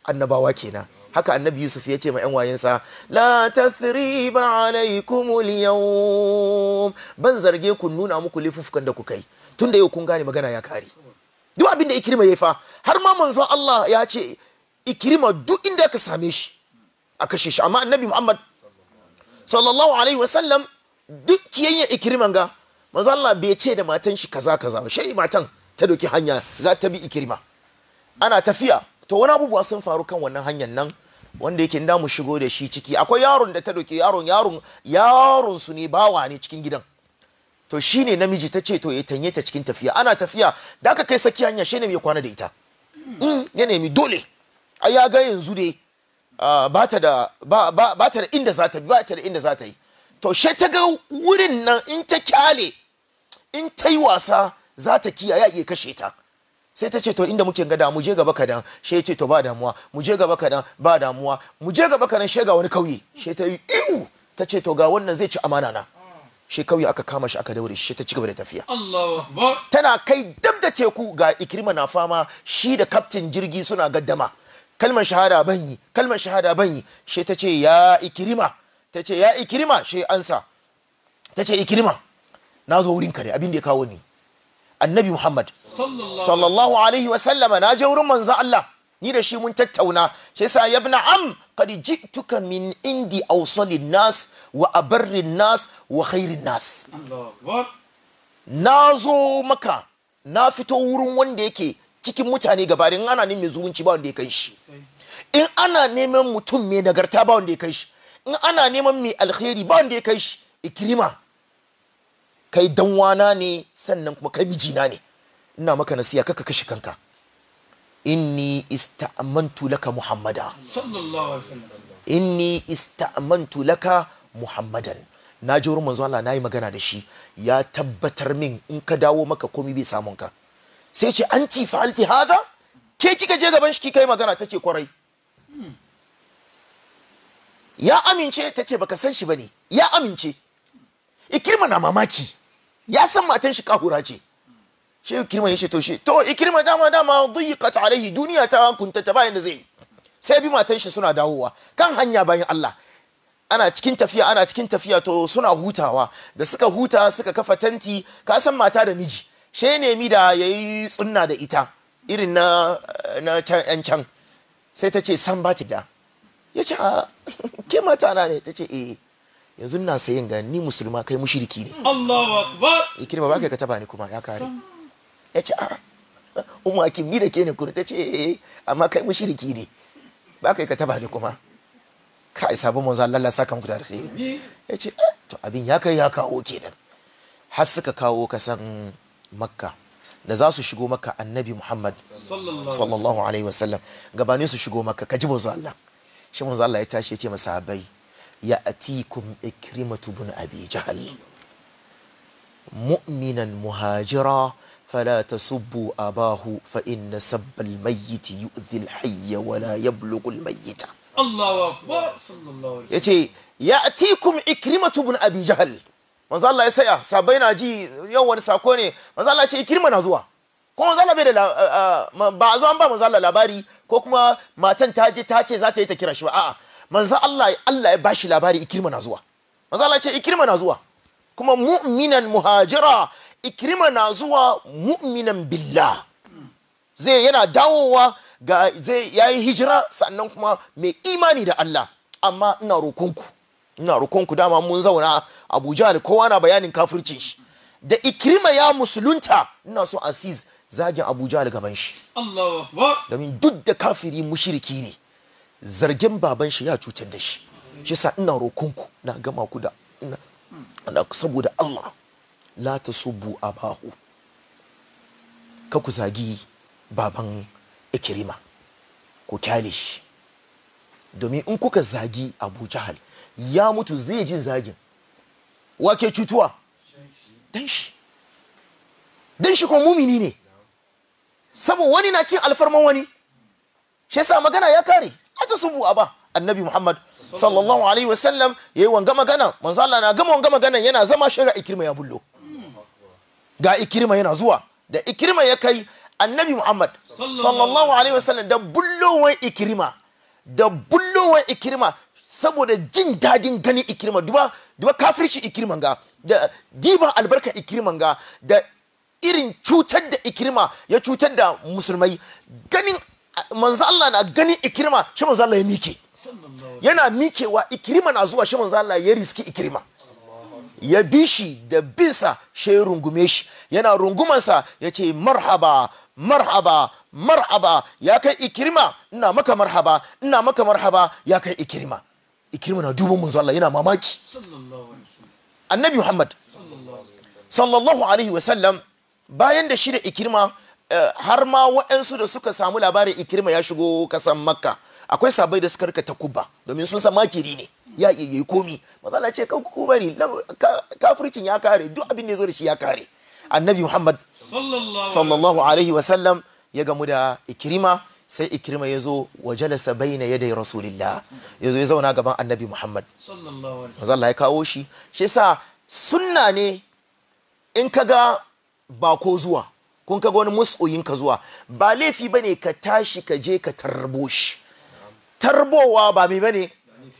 annabawa kenan haka annabi yusuf ya ce ma yan wayensa la tathriba alaikum al ban zarge ku nuna muku lifufukan da ku kai. tunda yau kun gane magana ya kare duk abin da ikrima ya fa har ma manzon Allah ya ce ikrima duk inda ka same shi a kashe shi amma annabi Muhammad sallallahu alaihi wasallam duk kiyayya ikirman ga manzo Allah bai ce da matan shi kaza kaza ba shi matan ta doki hanya za ta bi ikirma ana tafiya to wani abubuwa sun faru kan wannan hanyar nan wanda yake da mu shigo da shi ciki akwai yaron da ta doki yaron yaron yaron su ne bawa ne cikin gidan to shine namiji ta ce to ya tanye ta cikin tafiya ana tafiya da aka kai saki hanya shine ne mai kwana da ita hmm, ya nemi dole a ya ga yanzu dai Ah, ba ta da inda za ta ba ta da inda za ta yi to she ta ga wurin nan in ta kyale in ta yi wasa za ta kiyaye iya kashe ta sai ta ce to inda muke gada mu je gaba kadan she ce to ba damuwa mu je gaba kadan ba damuwa mu je gaba kadan she ga wani kauye she ta yi iwu ta ce to ga wannan zai ci amana na she kauye aka kama shi aka daure she ta ci gaba da tafiya tana kai dab da teku ga ikirma na fama shi da kaftin jirgi suna gaddama kalmar shahada ban yi kalmar shahada ban yi she ta ce ya ikirima ta ce ya ikirima she ansa ta ce ikirima na zo ka ne abin da ya kawo ni annabi muhammad sallallahu alaihi wa sallama na je wurin manzo Allah ni da shi mun tattauna she sa ya ibn am qad ji'tuka min indi awsalin nas wa abarrin nas wa khairin nas na zo maka na fito wurin wanda yake cikin mutane gaba in ana neman zumunci ba wanda ya kai shi in ana neman mutum mai nagarta ba wanda ya kai shi in ana neman mai alheri ba wanda ya kai shi ikirima kai danwana ne sannan kuma kai mijina ne ina maka nasiya kaka kashe kanka inni ista'amantu laka muhammada inni ista'amantu laka muhammadan na ji wurin manzo Allah nayi magana da shi ya tabbatar min in ka dawo maka komai bai samun ka sai ce anti fa anti haza ke kika je gaban shi ki kai magana tace kwarai ya amince tace baka san shi bane ya amince ikirma na mamaki ya san matan shi kahura ce shi ikirma ya to shi to ikirma dama dama duyiqat alaihi duniya ta kunta ta bayan da zai sai bi matan shi suna dawowa kan hanya bayan Allah ana cikin tafiya ana cikin tafiya to suna hutawa da suka huta suka kafa tanti ka san mata da miji she nemi da ya yi tsunna da ita irin na na can can sai ta ce san ba ta da ya ce a ke mata na ne ta ce eh yanzu na sayin ga ni musulma kai mushriki ne Allahu akbar ikin ba kai ka taba ni kuma ya kare ya ce a umma kim ni da ke ne kuma ta ce eh amma kai mushriki ne ba kai ka taba ni kuma kai sabon manzo Allah saka muku da alheri ya ce eh, to abin ya kai ya kawo kenan har suka kawo ka san makka da za su shigo maka annabi muhammad sallallahu alaihi wasallam gabanin su shigo maka ka ji manzo Allah shi manzo ya tashi ya ce masa bai ya atikum ikrimatu bin abi jahal mu'minan muhajira fala tasubbu abahu fa inna sabbal mayyit yu'dhi al hayya wa la yablughu al mayyit Allahu akbar sallallahu alaihi wasallam yace ya atikum ikrimatu bin abi jahal manzo Allah ya saya sabai na ji yau wani sako ne manzo Allah ce kirma na zuwa ko manzo Allah bai da ba a zo an ba manzo Allah labari ko kuma matan ta je ta ce za ta yi ta kira shi ba a'a manzo Allah Allah ya bashi labari ikirma na zuwa manzo Allah ce ikirma na zuwa kuma mu'minan muhajira ikirma na zuwa mu'minan billah zai yana dawowa ga zai yayi hijira sannan kuma mai imani da Allah amma ina rokonku ina rukon ku dama mun zauna Abuja da kowa na bayanin kafircin shi da ikirma ya musulunta ina so asiz zagin Abuja da gaban shi domin duk da kafiri mushriki ne zargin baban shi ya cutar da shi shi sa ina rokon ku na gama ku da ina saboda Allah la subu abahu ka ku zagi baban ikirma ku kyale shi domin in kuka zagi Abu Jahal ya mutu zai jin zagin wake cutuwa dan shi dan shi mumini ne Sabo wani na cin alfarman wani shi yasa magana ya kare ta subu a ba annabi muhammad sallallahu alaihi wasallam yayi wanga magana manzo na gama wanga magana yana zama shiga ikirma ya bullo ga ikirma yana zuwa da ikirma ya kai annabi muhammad sallallahu alaihi wasallam da bullowar ikirma da bullowar ikirma saboda jin dadin ganin ikirma duba duba kafirci ikirman ga da diban albarka ikirman ga da irin cutar da ikirma ya cutar da musulmai ganin manzo Allah na ganin ikirma shi manzo Allah ya mike yana mikewa ikirma na zuwa shi manzo Allah ya riski ikirma ya bi da binsa shi rungume shi yana rungumansa ya ce marhaba marhaba marhaba ya kai ikirma ina maka marhaba ina maka marhaba ya kai ikirma ikirma na duban manzo Allah yana mamaki annabi Muhammad sallallahu alaihi wa sallam bayan da shi ikirima eh, har ma waɗansu da suka samu labarin ikirima ya shigo kasan makka akwai sabai da suka rika takuba domin sun san makiri ne ya yi komi matsala ce kan ku bari kafircin ya kare duk abin da ya zo da shi ya kare annabi muhammad sallallahu alaihi wasallam ya gamu da ikirima sai Ikirma ya zo wa jalasa yadda ya rasulillah ya zo ya zauna gaban annabi muhammad manzo Allah ya kawo shi shi sa sunna ne in kaga bako zuwa kun ga wani musoyin ka zuwa ba laifi bane ka tashi ka je ka tarbo shi tarbowa ba mai bane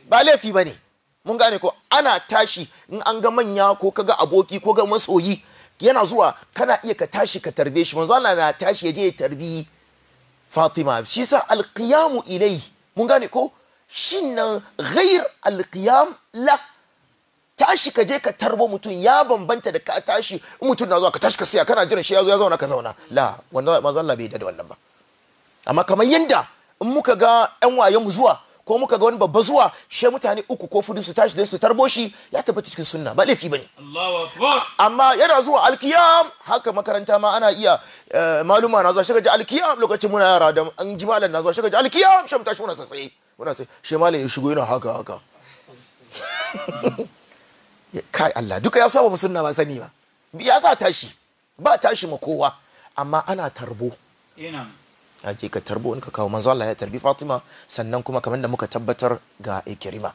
ba laifi bane mun gane ko ana tashi in an ga manya ko kaga aboki ko ga masoyi yana zuwa kana iya ka tashi ka tarbe shi manzo Allah na tashi ya je ya tarbi fatima shi yasa alqiyamu ilai mun gane ko shin nan ghair alqiyam la tashi ka je ka tarbo mutum ya bambanta da ka tashi in mutum na zuwa ka tashi ka siya kana jiran shi ya zo ya zauna ka zauna la wannan manzo Allah bai da wannan ba amma kamar yanda in muka ga yan wayen mu zuwa ko muka ga wani babba zuwa she mutane uku ko fudu su tashi da su tarbo shi ya tabbata cikin sunna ba laifi bane amma yana zuwa alkiyam haka makaranta ma ana iya eh, maluma na zuwa shiga ji alkiyam lokacin muna yara da an ji malam na zuwa shiga ji alkiyam she mu tashi muna sassaye muna sai she malam ya shigo yana haka haka kai Allah duka ya saba sunna ba sani ba ya sa tashi ba tashi ma kowa amma ana tarbo ya je ka tarbo in ka kawo manzo Allah ya tarbi Fatima sannan kuma kamar da muka tabbatar ga Ikrima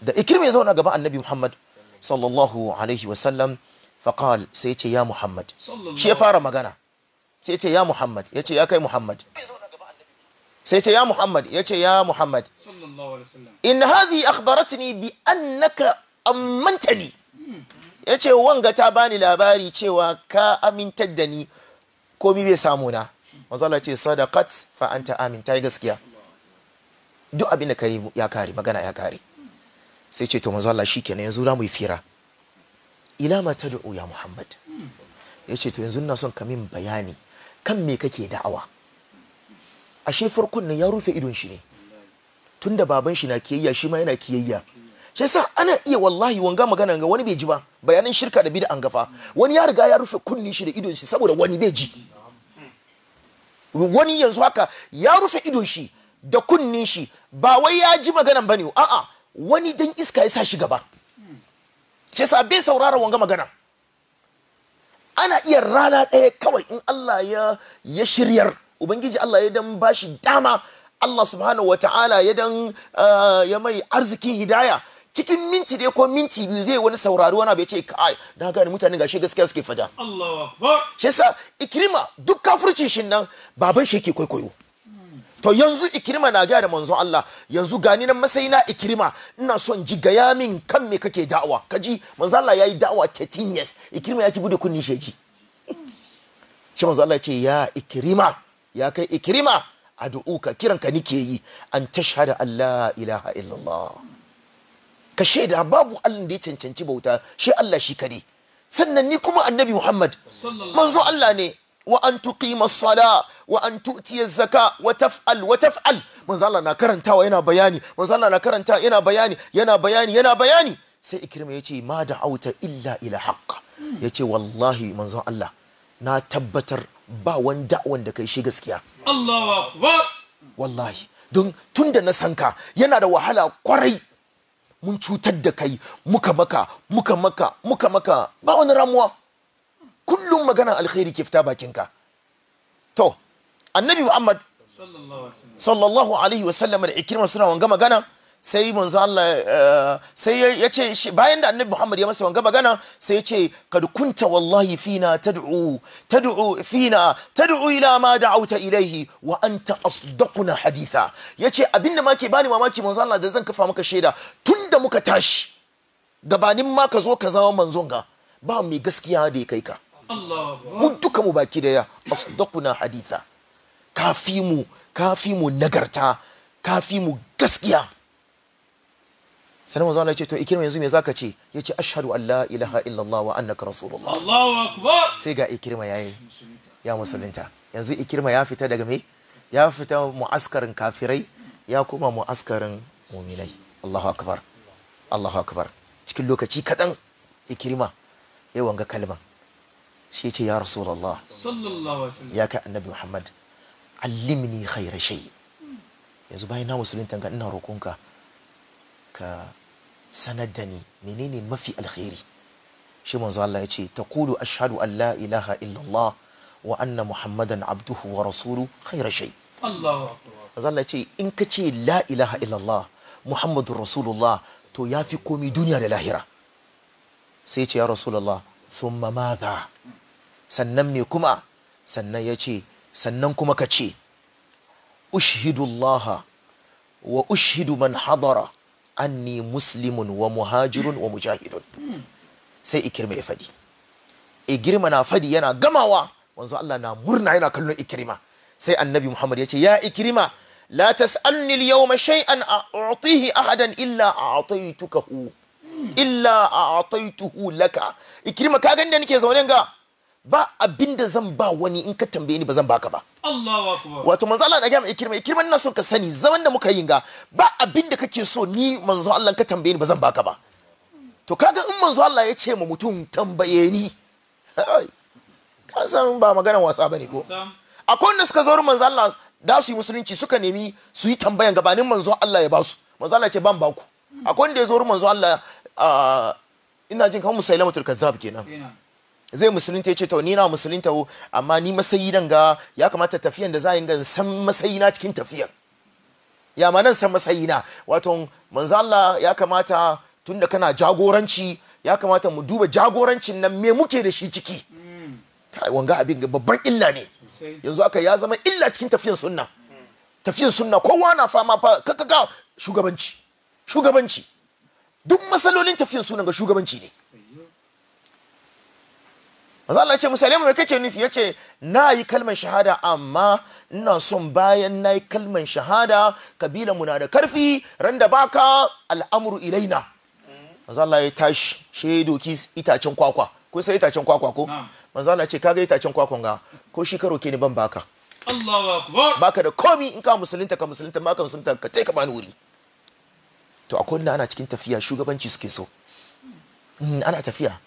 da Ikrima ya zauna gaban Annabi Muhammad sallallahu alaihi wasallam faqal sai ce ya Muhammad shi ya fara magana sai ce ya Muhammad ya ce ya kai Muhammad sai ce ya Muhammad ya ce ya Muhammad in hadhi akhbaratni bi annaka ammantani ya ce wanga ta bani labari cewa ka amintar da ni komi bai samu na manzo Allah ya ce sadaqat fa anta amin yi gaskiya duk abin da kai ya kare magana ya kare sai ce to manzo Allah shikenan yanzu za mu yi fira ila ma tad'u ya Muhammad yace to yanzu ina son ka min bayani kan me kake da'awa ashe farkon nan ya rufe idon shi ne tunda baban shi na kiyayya shi ma yana kiyayya shi sa ana iya wallahi wanga magana ga wani bai ji ba bayanin shirka da an gafa wani ya riga ya rufe kunni shi da idon shi saboda wani bai ji wani yanzu haka ya rufe idon shi da kunnin shi ba wai ya ji maganan ba ne. a'a wani dan iska ya sa shi gaba shi sa bai saurara wanga magana ana iya rana ɗaya kawai in Allah ya ya shiryar ubangiji Allah ya dan bashi dama Allah subhanahu wataala ya dan ah, ya mai arzikin hidaya cikin minti dai ko minti biyu zai wani saurari wani bai ce kai na gane mutane gashi gaskiya suke fada Allahu akbar shi yasa ikrima duk kafircin shin nan baban shi yake kwaikwayo to yanzu ikirima na gaya da manzon Allah yanzu gani nan masai na ikirima ina son ji gaya min kan me kake da'awa kaji manzo Allah yayi da'awa 13 years ikirima ya ki bude kunni sheji shi manzo Allah ya ce ya ikirima ya kai ikirima ad'uka kiranka nike yi an tashhada an ilaha illallah ka shaida babu Allah da ya cancanci bauta shi Allah shi kare sannan ni kuma annabi Muhammad manzo Allah ne wa an tuqima sala wa an az zaka wa taf'al wa taf'al manzo Allah na karantawa yana bayani manzo Allah na karanta yana bayani yana bayani yana bayani sai ikrima yace ma da'auta illa ila haqq yace wallahi manzo Allah na tabbatar ba wani da'awan da kai shi gaskiya Allahu akbar wallahi don tunda na sanka yana da wahala kwarai mun cutar da kai muka maka muka maka muka maka ba wani ramuwa kullum magana alkhairi ke fita bakinka to annabi muhammad sallallahu alaihi wasallam da ikirma suna wanga magana sai manzo Allah eh, sai ya bayan da annabi Muhammad ya masa wanga magana sai yace ce kad kunta wallahi fina tad'u tad'u fina tad'u ila ma da'awta ilaihi wa anta asdaquna haditha yace abinda da make bani mamaki manzo Allah da zan kafa maka shaida tunda muka tashi gabanin ma ka zo ka zama manzon ga ba mai gaskiya da ya kai ka mu duka mu baki da ya. asdaquna haditha kafi mu kafi mu nagarta kafi mu gaskiya sai manzo Allah ya ce to ikirma yanzu me zaka ce yace ashhadu an la ilaha illallah wa annaka rasulullah Allahu akbar sai ga ikirma yayi ya musulunta yanzu ikirma ya fita daga me ya fita mu'askarin kafirai ya koma mu'askarin muminai Allahu akbar Allahu akbar cikin lokaci kadan ikirma ya wanga kalma shi ce ya rasulullah sallallahu alaihi ya kai annabi muhammad allimni khayra shay yanzu bayan na musulunta ga ina roƙonka ka sanar da ni menene mafi alkhairi shi manzo Allah ya ce taqulu ashhadu an la ilaha illallah wa anna muhammadan abduhu wa rasulu khayra shay Allahu akbar Allah ya ce in ka ce la ilaha illallah muhammadur rasulullah to yafi komi duniya da lahira sai ya ce ya rasulullah thumma madha sannan me kuma sannan ya ce sannan kuma ka ce ushidullaha wa ushidu man hadara anni muslimun wa muhajirun wa mujahidun sai ikirma ya fadi igirma na fadi yana gamawa wanzu Allah na murna yana kallon ikirma sai annabi Muhammad ya ce ya ikirma la tas'alni al-yawma shay'an a'tihi ahadan illa a'taytuka illa a'taytuhu laka ikirma ka ganda nake zaune ga ba abin da zan ba wani in ka tambaye ni ba zan baka ba Allahu akbar wato manzo Allah da ga mai eh, kirma eh, kirma ina so ka sani zaman da muka yi ga ba abin da kake so ni manzo Allah ka tambaye ni ba zan baka ba to kaga in manzo Allah ya ce ma mutum tambaye ni ka san ba maganar wasa bane ko akwai wanda suka zo manzo Allah da su yi musulunci suka nemi su yi tambayan gabanin manzo Allah ya basu manzo Allah ya ce ban baku akwai wanda ya zo manzo Allah ah, ina jin kamar musailamatul kazzab kenan zai musulunta ya ce to ni na musulunta amma ni masayi nan ga ya kamata tafiyan da za yi gan san masayi na cikin tafiyan ya ma nan san masayi na wato manzo Allah ya kamata tunda kana jagoranci ya kamata mu duba jagorancin nan me muke da shi ciki wanga abin babban illa ne yanzu aka ya zama illa cikin tafiyan sunna tafiyan sunna kowa na fama fa kakaka shugabanci shugabanci duk masalolin tafiyan sunna ga shugabanci ne maza Allah ce misali mai kake nufi ya ce na yi kalmar shahada amma ina son bayan na yi kalmar shahada kabila muna da karfi ran da baka al'amuru ilaina maza Allah ya tashi shi doki itacen kwakwa ko sai itacen kwakwa ko maza Allah ce kaga itacen kwakwan ga ko shi karo ke ni ban baka Allahu akbar baka da komi in ka musulunta ka musulunta ma ka musulunta ka tai ka bani wuri to akwai wanda ana cikin tafiya shugabanci suke so hmm, ana tafiya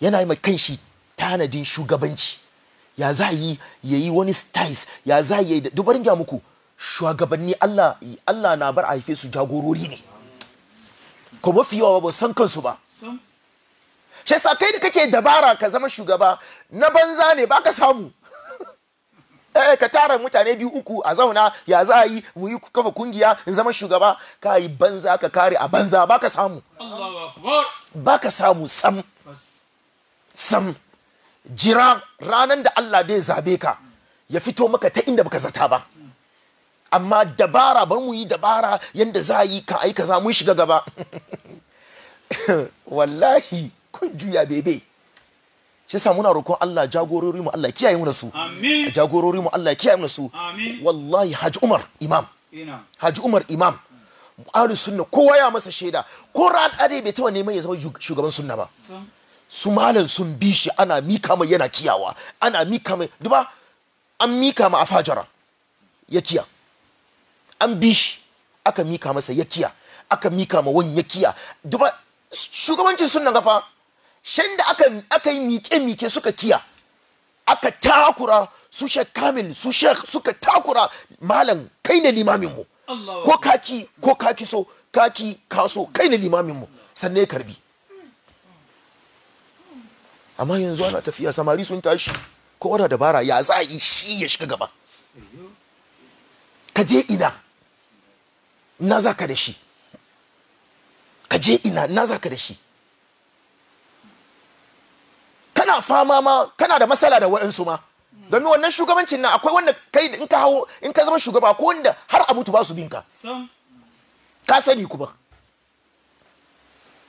yana yi kan shi tanadin shugabanci ya za yi ya yi wani styles ya za yi da dubarin ga muku shugabanni Allah Allah na bar a haife su jagorori ne ko mafi yawa ba san kansu ba shi sa kai da kake dabara ka zama shugaba na banza ne ba ka samu eh ka tara mutane biyu uku a zauna ya za yi mu yi kafa kungiya in zama shugaba ka yi banza ka kare a banza ba ka samu ba ka samu sam sam jira ranan da Allah dai zabe ka ya fito maka ta inda baka zata ba amma dabara bar mu yi dabara yanda za yi ka aika za mun shiga gaba wallahi kun juya bebe shi sa muna roƙon Allah jagorori mu Allah kiyaye mu su amin jagorori mu Allah kiyaye mu su amin wallahi Haji Umar Imam Haji Umar Imam ahlus sunna kowa ya masa shaida ko ran ade bai taba neman ya zama shugaban sunna ba su malam sun bi shi ana mika mai yana kiyawa ana mika mai duba an mika ma a fajara ya kiya an bi shi aka mika masa ya kiya aka mika ma wani ya kiya duba shugabancin sunan gafa shan da aka, aka yi mike-mike suka kiya aka takura su shek kamil su shek suka takura malam kai ne limamin mu ko kaki ko kaki so kaki kaso kai ne limamin mu sannan ya karbi amma yanzu ana tafiya samari sun tashi kowa da dabara ya za yi shi ya shiga gaba ka je ina na za ka da shi ka je ina na za ka da shi kana fama ma kana da matsala da waɗansu ma domin wannan shugabancin nan akwai wanda kai in ka hawo in ka zama shugaba ko wanda har a mutu ba su binka ka sani kuma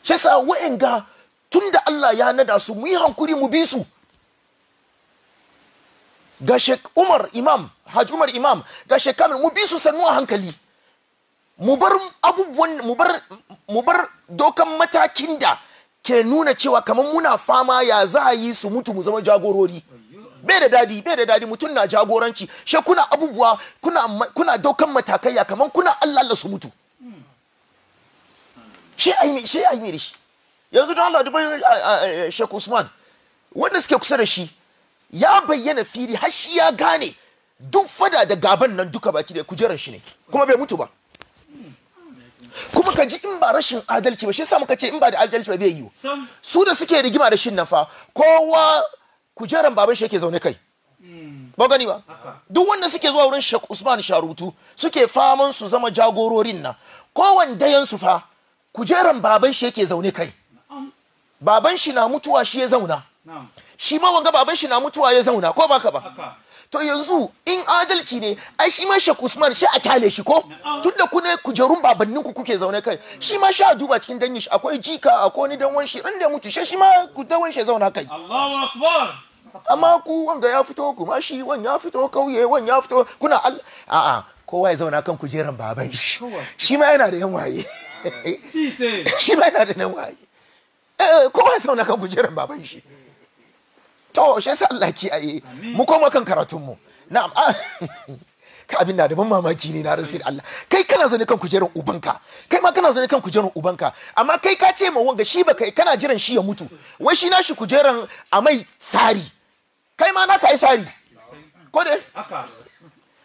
shi sa wa'anga tunda Allah ya nada su mu yi hankuri mu bi su ga Sheikh Umar Imam Haj Umar Imam ga Sheikh Kamil mu bi su sannu a hankali mu bar abubuwan mu bar mu bar dokan matakin da ke nuna cewa kamar muna fama ya za yi su mutu mu zama jagorori bai da dadi bai da dadi mutum na jagoranci she kuna abubuwa kuna kuna dokan matakai ya kamar kuna Allah Allah su mutu shi ai shi ai shi yanzu don Allah dubai eh, eh, eh, Sheikh Usman wanda suke kusa da shi ya bayyana fili har shi ya gane duk fada da gaban nan duka baki da kujerar shi ne kuma bai mutu ba kuma ka ji in ba rashin adalci ba shi yasa muka ce in ba da adalci ba bai yi su da suke rigima da shin nan fa kowa kujeran baban shi yake zaune kai hmm. ba gani ba duk wanda suke zuwa wurin Sheikh Usman Sharutu suke faman su zama jagororin nan kowanne dayan su fa kujeran baban shi yake zaune kai baban shi na mutuwa shi ya zauna shi ma wanga baban shi na mutuwa ya zauna ko baka ba to yanzu in adalci ne ai shi ma shek Usman shi a kyale shi ko tunda ku ne kujerun babannin ku kuke zaune kai shi ma sha duba cikin danyi shi akwai jika akwai ni dan wanshi ran da mutu shi ma ku dan wanshi zauna kai Allahu akbar amma ku wanga ya fito kuma shi wan ya fito kauye wan ya fito kuna a'a kowa ya zauna kan kujeran baban shi shi ma yana da yan waye shi ma yana da yan waye eh kowa zauna kan kujeran baban shi to shi sa Allah kiyaye mu koma kan karatun mu na'am ah, ka abin da ban mamaki ne na rasul Allah kai kana zane kan kujeran ubanka kai ma kana zane kan kujeran ubanka amma kai ka ce ma wanga shi ba kai kana jiran shi ya mutu wai shi nashi kujeran a mai sari kai ma naka ai sari ko dai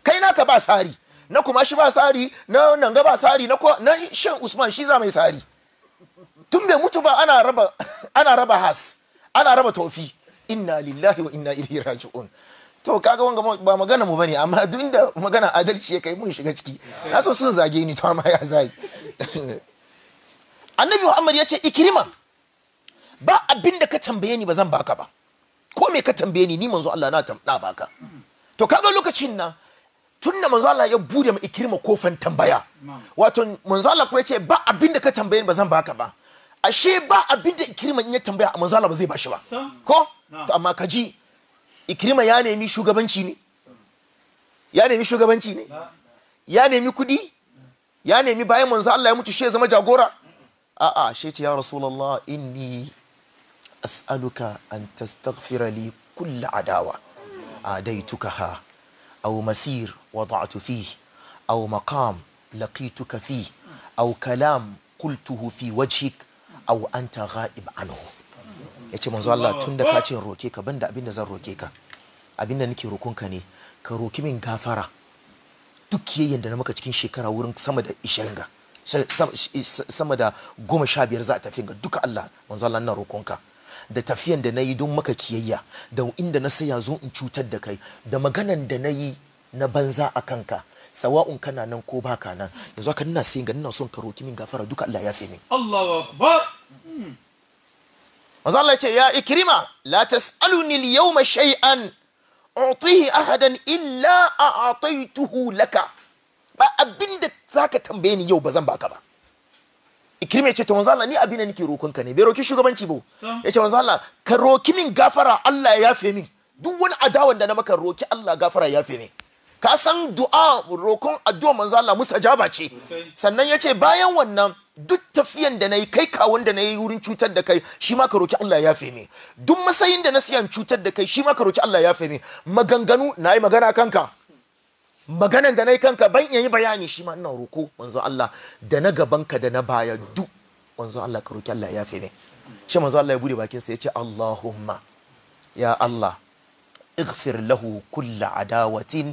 kai naka ba sari na kuma shi ba sari na nanga ba sari na na shan Usman shi za mai sari tun bai mutu ba ana raba ana raba has ana raba tofi inna lillahi wa inna ilaihi raji'un to kaga wanga ba magana mu bane amma duk magana adalci ya kai mun shiga ciki na so sun zage ni to amma ya zai annabi muhammad ya ce ikrima ba abin da ka tambaye ni ba zan baka ba ko me ka tambaye ni ni manzo Allah na na baka to kaga lokacin nan tunda manzo Allah ya bude ma ikrima kofan tambaya wato manzo Allah kuma ya ce ba abin da ka tambaye ni ba zan baka ba ashe ba abin da ikirma in ya tambaya a manzala ba zai bashi ba ko to amma ka ji ikirma ya nemi shugabanci ne ya nemi shugabanci ne ya nemi kudi ya nemi bayan manzo Allah ya mutu shi ya zama jagora a'a shi ce ya rasulullah inni as'aluka an tastaghfira li kull adawa adaitukaha aw masir wada'tu fi aw maqam laqituka fi aw kalam qultuhu fi wajhik aw anta ghaib anhu yace manzo Allah tunda ka ce roke ka banda abinda zan roke ka abinda nake rokonka ne ka roki min gafara duk da na maka cikin shekara wurin sama da 20 ga sama da goma sha biyar za a tafi ga duka Allah manzo Allah na rokonka da tafiyan da na yi don maka kiyayya da inda na saya zo in cutar da kai da maganan da na yi na banza a kanka sawa'un kana nan ko baka nan yanzu haka nuna sai ganin son ka roki min gafara duka Allah ya sai min Allahu akbar hmm. manzo Allah ce ya ikrima la tas'aluni al-yawma shay'an u'tihi ahadan illa a'taytuhu laka ba abinda zaka tambaye ni yau ba zan baka ba ikrima ce to manzo Allah ni abin da nake ka ne bai roki shugabanci ba yace manzo Allah ka roki min gafara Allah ya yafe min duk wani adawan da na maka roki Allah gafara ya yafe min ka san du'a rokon addu'a manzo Allah mustajaba ce sannan yace bayan wannan duk tafiyan da nayi kai kawun da nayi wurin cutar da kai shi ma ka roki Allah ya yafe ni duk masayin da na siyan cutar da kai shi ma ka roki Allah ya yafe ni maganganu nayi magana kanka maganan da nayi kanka ban yayi bayani shi ma ina roko manzo Allah da na gaban ka da na baya duk manzo Allah ka roki Allah ya yafe ni shi manzo Allah ya bude bakin sa yace Allahumma ya Allah اغفر له كل adawatin."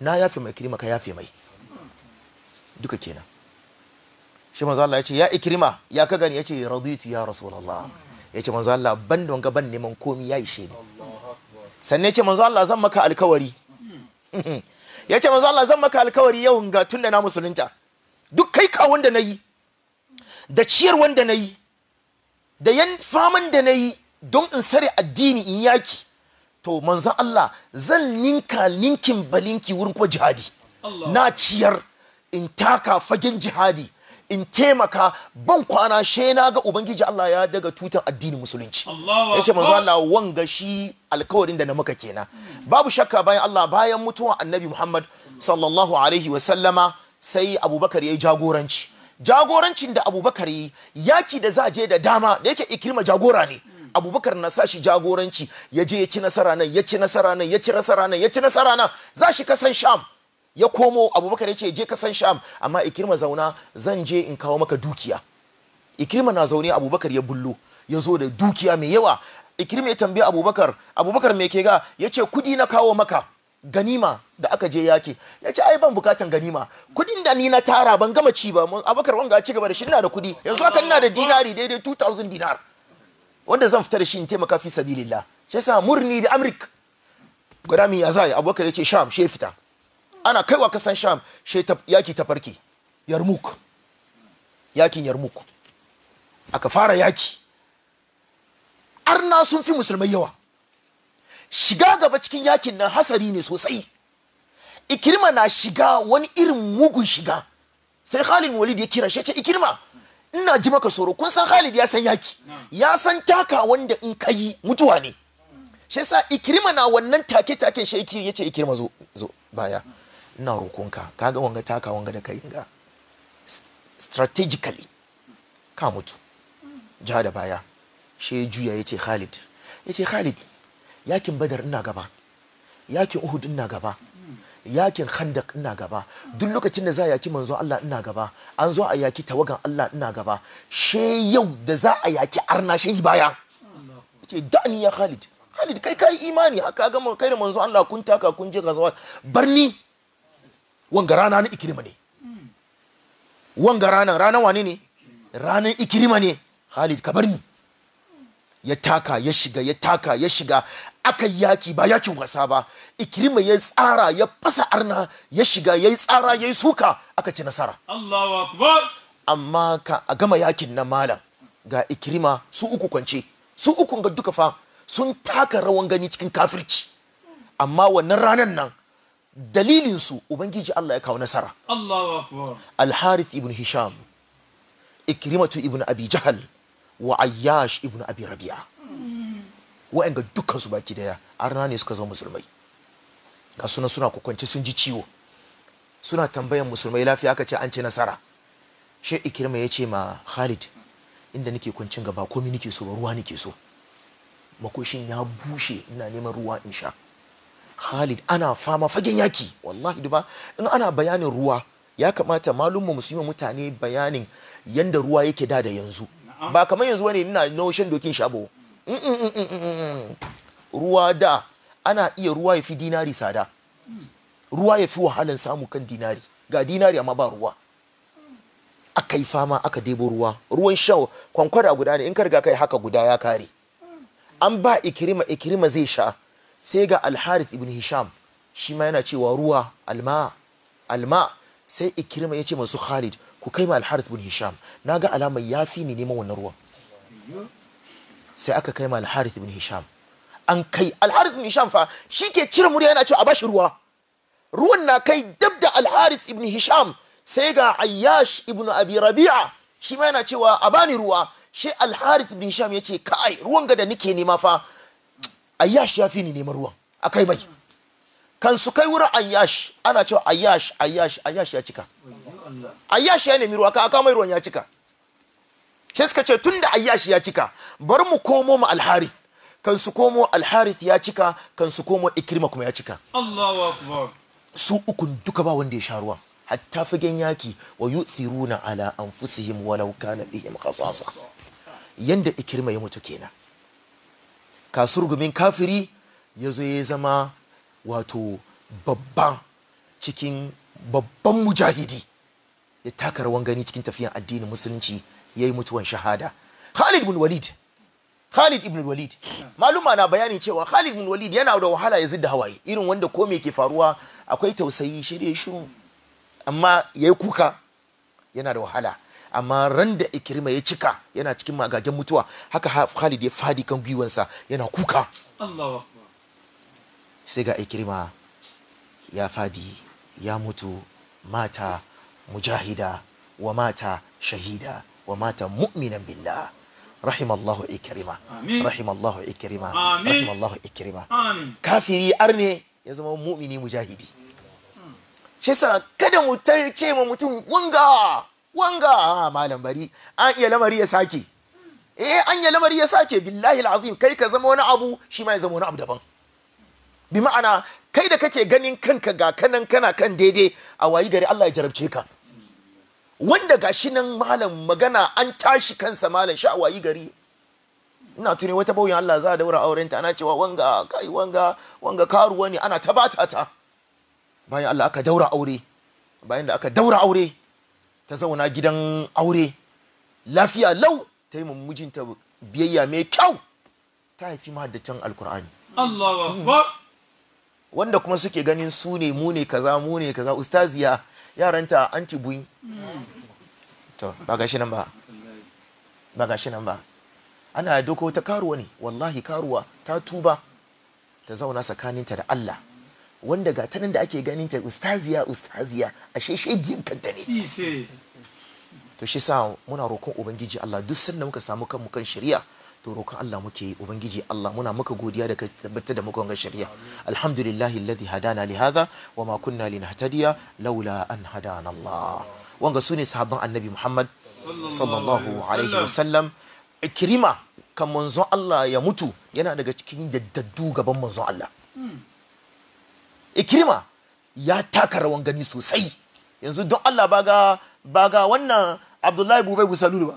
na yafe mai ikrima ka yafe mai duka kenan shi manzo Allah ya ce ya ikirima ya ka gani ya ce raditu ya rasulullah ya ce manzo Allah ban don ga ban neman komi ya ishe ni sannan yace ce manzo Allah zan maka alkawari ya ce manzo Allah zan maka alkawari yau ga tunda na musulunta duk kai kawun da nayi da ciyar wanda nayi da yan faman da nayi don in sare addini in yaki to manzan Allah zan ninka ninkin balinki wurin kuma jihadi na ciyar in taka fagen jihadi in taimaka ban kwana she na ga ubangiji Allah ya daga tutan addini musulunci Ya ce manzo Allah wanga shi alkawarin da na maka kenan babu shakka bayan Allah bayan mutuwa annabi Muhammad sallallahu alaihi wa sallama sai Abubakar ya yi jagoranci jagorancin da Abubakar yi yaki da za je da dama da yake ikirma jagora ne abubakar na sa shi jagoranci ya je ya ci nasara nan ya ci nasara nan ya ci nasara nan ya ci nasara nan za shi kasan sham ya komo abubakar ya ce je kasan sham amma ikirma zauna zan je in kawo maka dukiya ikirma na zaune abubakar ya bullo ya zo da dukiya mai yawa ikirma ya tambayi abubakar abubakar me ke ga ya ce kudi na kawo maka ganima da aka je yake ya ce ai ban bukatan ganima kudin da ni na tara ban gama ci ba abubakar wanga ci gaba da shi ina da kudi yanzu haka ina da dinari daidai 2000 dinar wanda zan fita da shi in taimaka fi sabilillah shi yasa murni da amrik gwada min ya zai abubakar ya ce sham shi fita ana kaiwa kasan sham shi yaki ta farki yarmuk yakin yarmuk aka fara yaki arna sun fi musulmai yawa shiga gaba cikin yakin nan hasari ne sosai ikirma na shiga wani irin mugun shiga sai khalid walid ya kira shi ce ikirma ina ji maka tsoro kun san Khalid ya san yaki ya san taka wanda in kai mutuwa ne shi yasa ikrima na wannan take taken shi ikiri yace ikrima zo zo baya ina rokonka kaga wanga taka wanga da kai ga strategically ka mutu ja da baya shi ya juya yace Khalid yace Khalid yakin Badar ina gaba yakin Uhud ina gaba yakin handak ina gaba duk lokacin da za a yaki manzon Allah ina gaba an zo a yaki tawagan Allah ina gaba she yau da za a yaki arna she baya ce dani ya Khalid Khalid kai kai imani haka ga kai da manzon Allah kun taka kun je gazawa barni wanga rana na ikirima ne wanga ranan ranan wane ne ranan ikirima ne Khalid ka barni ya taka ya shiga ya taka ya shiga aka yaki ba yakin wasa ba ikirima ya tsara ya fasa arna ya shiga ya tsara ya suka aka ci nasara amma ka a gama yakin na malam ga ikirima su uku kwance su uku ga duka fa sun taka rawan gani cikin kafirci amma wannan ranar nan dalilinsu ubangiji Allah ya kawo nasara harith ibn hisham ikrimatu ibn abi jahal wa ayyash ibn abi rabi'a wa'anga dukkan su baki daya arna ne suka zama musulmai ga suna suna sun ji ciwo suna tambayan musulmai lafiya aka ce an ce nasara she ikirma ya ce ma khalid inda nake kwancin gaba komi nake so ba ruwa nake so makoshin ya bushe ina neman ruwa in sha khalid ana fama fagen yaki wallahi duba in ana bayanin ruwa ya kamata malumma musulmi mutane bayanin yanda ruwa yake da da yanzu ba kamar yanzu wani ina noshin dokin shabo mm, mm, mm, ruwa da ana iya ruwa ya fi dinari sada ruwa ya fi wahalan samu kan dinari ga dinari amma ba ruwa aka yi fama aka debo ruwa ruwan sha kwankwara guda ne in ka riga kai haka guda ya kare an ba ikirima ikirima zai sha sai ga alharith ibn hisham shi ma yana cewa ruwa alma alma sai ikirima ya ce masu khalid ku kai ma alharith bin hisham na ga alamar ya fi ni neman wannan ruwan sai aka kai ma alharith bin hisham an kai alharith bin hisham fa shi ke cire murya yana cewa a bashi ruwa ruwan na kai dab da alharith ibn hisham sai ga ayyash ibn abi rabi'a shi ma yana cewa a bani ruwa shi alharith ibn hisham ya ce kai ruwan ga da nike nema fa ayyash ya fi ni neman ruwan a kai mai kan su kai wurin ayyash ana cewa ayyash ayyash ayyash ya cika ayyashi ya nemi ruwa ka aka mai ruwan ya cika sai suka ce tunda ayyashi ya cika bar mu komo mu alharith kan su komo alharith ya cika kan su komo ikirma kuma ya cika Allahu akbar su ukun duka ba wanda ya sha ruwa. hatta fagen yaki wa yuthiruna ala anfusihim walau kana bihim khasasa yanda ikirma ya mutu kenan kasurgumin kafiri ya zo ya zama wato babban cikin babban mujahidi ya taka rawan gani cikin tafiyan addinin musulunci ya yi mutuwan shahada khalid bin walid khalid ibn walid maluma na bayani cewa khalid bin walid yana da wahala ya zidda hawaye irin wanda ko me ke faruwa akwai tausayi shirye shiru amma ya yi kuka yana da wahala amma ran da ikirma ya cika yana cikin magagen mutuwa haka khalid ya fadi kan gwiwansa yana kuka sai ga ikirma ya fadi ya mutu mata mujahida wa mata shahida wa mata mu'minan billah rahim Allahu ikrima rahim Allahu ikrima rahim Allahu ikrima kafiri arne ya zama mu'mini mujahidi hmm. shi sa kada mu ta ce ma mutum wanga wanga ah, malam bari an iya lamari ya sake hmm. eh an iya lamari ya sake billahi alazim kai ka zama wani abu shi ma ya zama wani abu daban bi ma'ana kai da kake ganin kanka ga kanan kana kan daidai a wayi gari Allah ya jarabce ka wanda gashi nan malam magana an tashi kansa malam sha'awayi gari ina tuni wata bauyin Allah za a daura aurenta ana cewa wanga kai wanga wanga karuwa ne ana ta bata ta bayan Allah aka daura aure bayan da aka daura aure ta zauna gidan aure lafiya lau ta yi mijinta biyayya mai kyau ta haifi mahaddacin alkur'ani wanda kuma suke ganin su ne mu ne kaza mu ne kaza ustaziya yaranta anti bui to ba gashi nan ba ba gashi nan ba ana doko ta karuwa ne wallahi karuwa ta tuba ta zauna tsakaninta da Allah wanda ga tanin da ake ganin ta ustaziya ustaziya ashe shegiyan kanta ne to shi sa muna roƙon ubangiji Allah duk sanda muka samu kanmu kan shari'a to roƙon Allah muke yi ubangiji Allah muna maka godiya da tabbatar da muka shari'a alhamdulillahi alladhi hadana li hadha wa ma kunna linahtadiya laula an hadana Allah wanga sune sahabban annabi Muhammad sallallahu alaihi wa sallam ikrima kan manzon Allah ya mutu yana daga cikin jaddadu gaban manzon Allah ikrima ya taka rawan gani sosai yanzu don Allah baga baga wannan Abdullahi Bubai Busalulu ba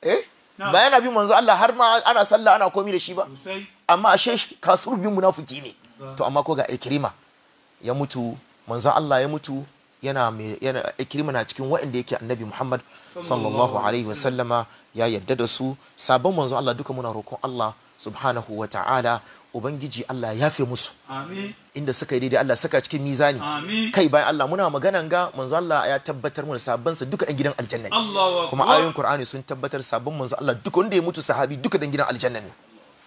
eh ba yana bin manzo Allah har ma ana sallah ana komi da shi ba amma ashe kasur bin munafiki ne to amma ko ga ikrima ya mutu manzo Allah ya mutu yana yana ikrima na cikin waɗanda yake annabi Muhammad sallallahu alaihi wa sallama ya yadda da su sabon manzo Allah duka muna roƙon Allah subhanahu wa ta'ala ubangiji Allah ya fi musu inda suka yi daidai Allah saka cikin mizani kai bayan Allah muna maganan ga manzo Allah ya tabbatar mana sabban sa duka ɗan gidan aljanna ne kuma ayoyin Qur'ani sun tabbatar sabon manzo Allah duka wanda ya mutu sahabi duka ɗan gidan aljanna ne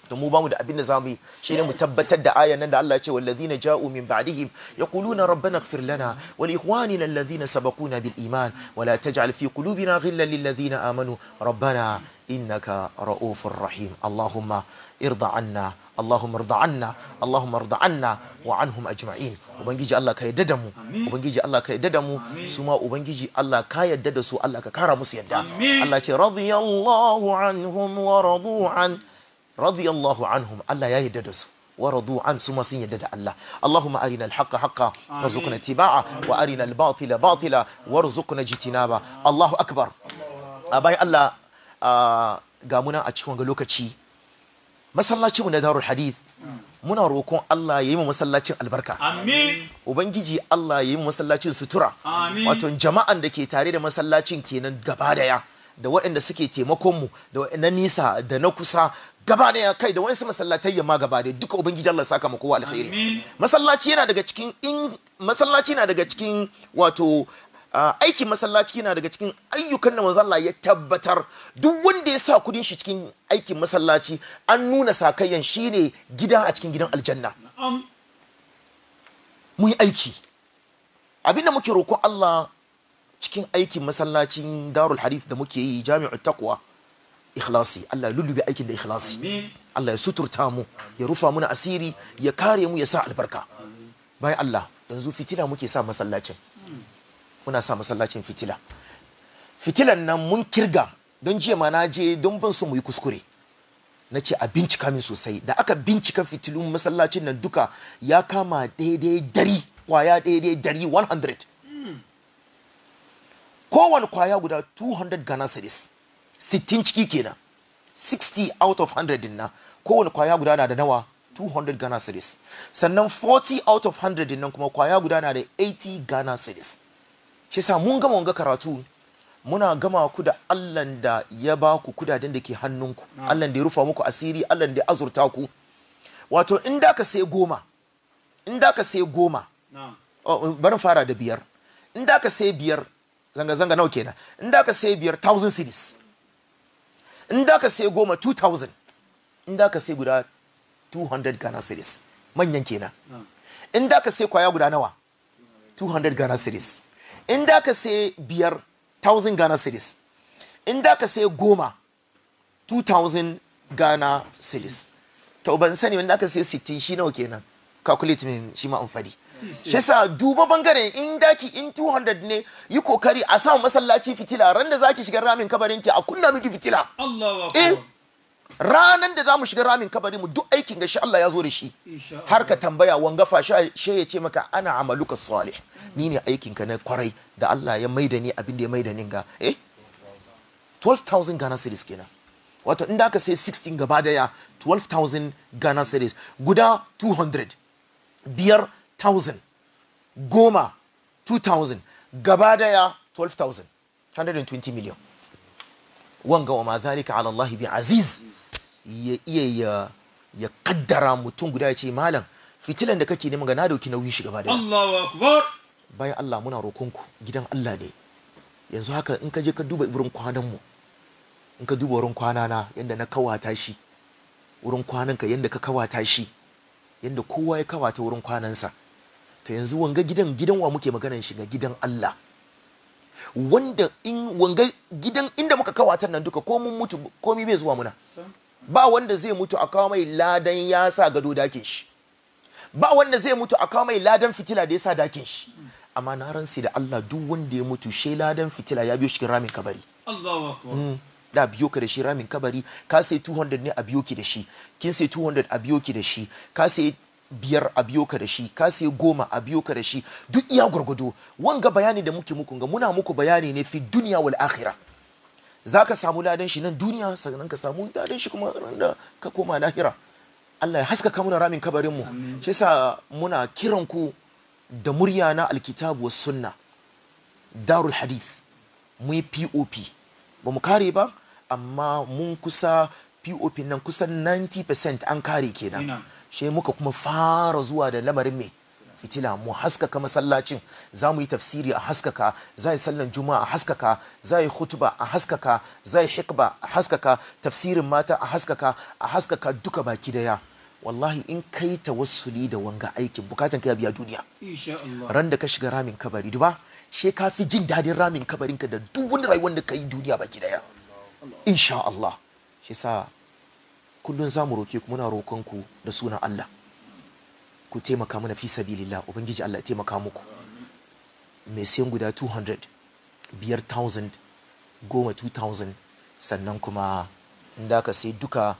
don mu bamu da abin da zamu yi shi ne mu tabbatar da ayan nan da Allah ya ce wallazina ja'u min ba'dihim yaquluna rabbana ighfir lana wa li ikhwanina alladhina sabaquna bil iman wa la taj'al fi qulubina ghillan lil amanu rabbana innaka ra'ufur rahim allahumma irda 'anna Allahumma rda anna Allahumma rda anna wa anhum ajma'in ubangiji Allah ka yadda da mu ubangiji Allah ka yadda da mu su ubangiji Allah ka yadda da su Allah ka kara musu yadda Allah ce radiyallahu anhum wa radu an radiyallahu anhum Allah ya yadda da su ورضوا عن ثم سن يدد الله اللهم أرنا الحق حقا وارزقنا اتباعه وأرنا الباطل باطلا وارزقنا اجتنابه الله أكبر أباي الله غامنا أتشكوان masallacin mu na darul hadith muna rokon Allah ya yi mu masallacin albarka ubangiji Allah ya yi mu masallacin sutura amin wato jama'an da ke tare da masallacin kenan gaba daya da waɗanda suke taimakon mu da waɗanda nisa da na kusa gaba daya kai da wasu masallatai yamma gaba daya duka ubangiji Allah saka mu kowa alkhairi masallaci yana daga cikin in masallaci yana daga cikin wato aikin masallaci yana daga cikin ayyukan da manzon Allah ya tabbatar duk wanda ya sa kudin shi cikin aikin masallaci an nuna sakayyan shine gida a cikin gidan aljanna mu yi aiki abinda muke roƙon Allah cikin aikin masallacin darul hadith da muke yi jami'ul taqwa ikhlasi Allah lullube aikin da ikhlasi Allah ya suturta mu ya rufa muna asiri ya kare mu ya sa albarka bayan Allah yanzu fitina muke sa masallacin muna sa masallacin fitila fitilan nan mun kirga don jiya ma na je don ban su mu yi kuskure na ce a bincika min sosai da aka bincika fitilun masallacin nan duka ya kama daidai dari kwaya daidai dari 100 kowane kwaya guda 200 ghana cedis 60 ciki kenan 60 out of 100 din nan kowane kwaya guda na da nawa 200 ghana cedis sannan 40 out of 100 din nan kuma kwaya guda na da 80 ghana cedis shi sa mun gama wanga karatu muna gama ku da Allahn da ya ba ku kudaden da ke hannunku Allahn da ya rufa muku asiri Allahn da ya azurta ku wato in da ka sai goma in da ka sai goma oh, barin fara da biyar in da ka sai biyar zanga-zanga nawa kenan in da ka sai biyar 1000 cities in da ka sai goma 2000 in da ka sai guda 200 ghana cities manyan kenan in da ka sai kwaya guda nawa 200 ghana cities in da ka sai biyar 1000 ghana cedis in da ka sai goma 2000 ghana cedis to ban sani wanda aka sai 60 shi nawa kenan calculate min shi ma amfani shi sa duba bangare in daki in 200 ne yi kokari a sa masallaci fitila ran da zaki shiga ramin kabarin ki a kunna miki fitila ranan da zamu shiga ramin kabari mu duk aikin gashi Allah ya zo da shi har ka tambaya wanga fasha she ya ce maka ana amaluka salih ni ne aikin ka na kwarai da Allah ya maida ni abin da ya maida ni ga eh 12000 Ghana cedis kenan wato inda aka sai 16 gaba daya 12000 Ghana cedis guda 200 biyar 1000 goma 2000 gaba daya 12000 120 million wanga wa ma zalika ala Allah bi aziz ya iya ya kaddara mutum guda ya ce malam fitilan da kake neman ga na dauki nauyi shi gaba da Allahu akbar bayan Allah muna ku gidan Allah ne yanzu haka in ka je ka duba wurin kwanan mu in ka duba wurin kwana na yanda na kawata shi wurin kwanan ka yanda ka kawata shi yanda kowa ya kawata wurin kwanansa to yanzu wanga gidan gidan wa muke maganan ga gidan Allah wanda in wanga gidan inda muka kawatan nan duka ko mun mutu komi bai zuwa muna ba wanda zai mutu a kawo mai ladan ya sa gado dakin shi ba wanda zai mutu a kawo mai ladan fitila da ya sa dakin shi amma na ransi da Allah duk wanda ya mutu shi ladan fitila ya biyo cikin ramin kabari Allahu akbar mm. da biyo ka da shi ramin kabari ka sai 200 ne a biyo ki da shi kin sai 200 a biyo ki da shi ka sai biyar a biyo ka da shi ka siya goma a biyo ka da shi duk iya gwargwado wanga bayani da muke muku ga muna muku bayani ne fi duniya wal akhira za ka samu ladan shi nan duniya sannan ka samu ladan shi kuma nan da ka koma lahira Allah ya haskaka muna ramin kabarin mu shi yasa muna kiran ku da murya na alkitabu was sunna darul hadith mu yi pop ba mu kare ba amma mun kusa pop nan kusan 90% an kare kenan she muka kuma fara zuwa da lamarin mai fitila mu haskaka masallacin za mu yi tafsiri a haskaka za yi sallan juma'a a haskaka za yi hutuba a haskaka za yi hikba a haskaka tafsirin mata a haskaka a haskaka duka baki daya wallahi in kai tawassuli da wanga aikin bukatan kai biya duniya ran da ka shiga ramin kabari duba she ka fi jin dadin ramin kabarinka da duk wani rayuwar da ka yi duniya baki daya insha Allah shi sa kullun za mu roke ku muna roƙon ku da sunan Allah ku taimaka mana fi sabilillah ubangiji Allah ya taimaka muku mai sayan guda 200 biyar thousand goma 2000 sannan kuma inda ka sai duka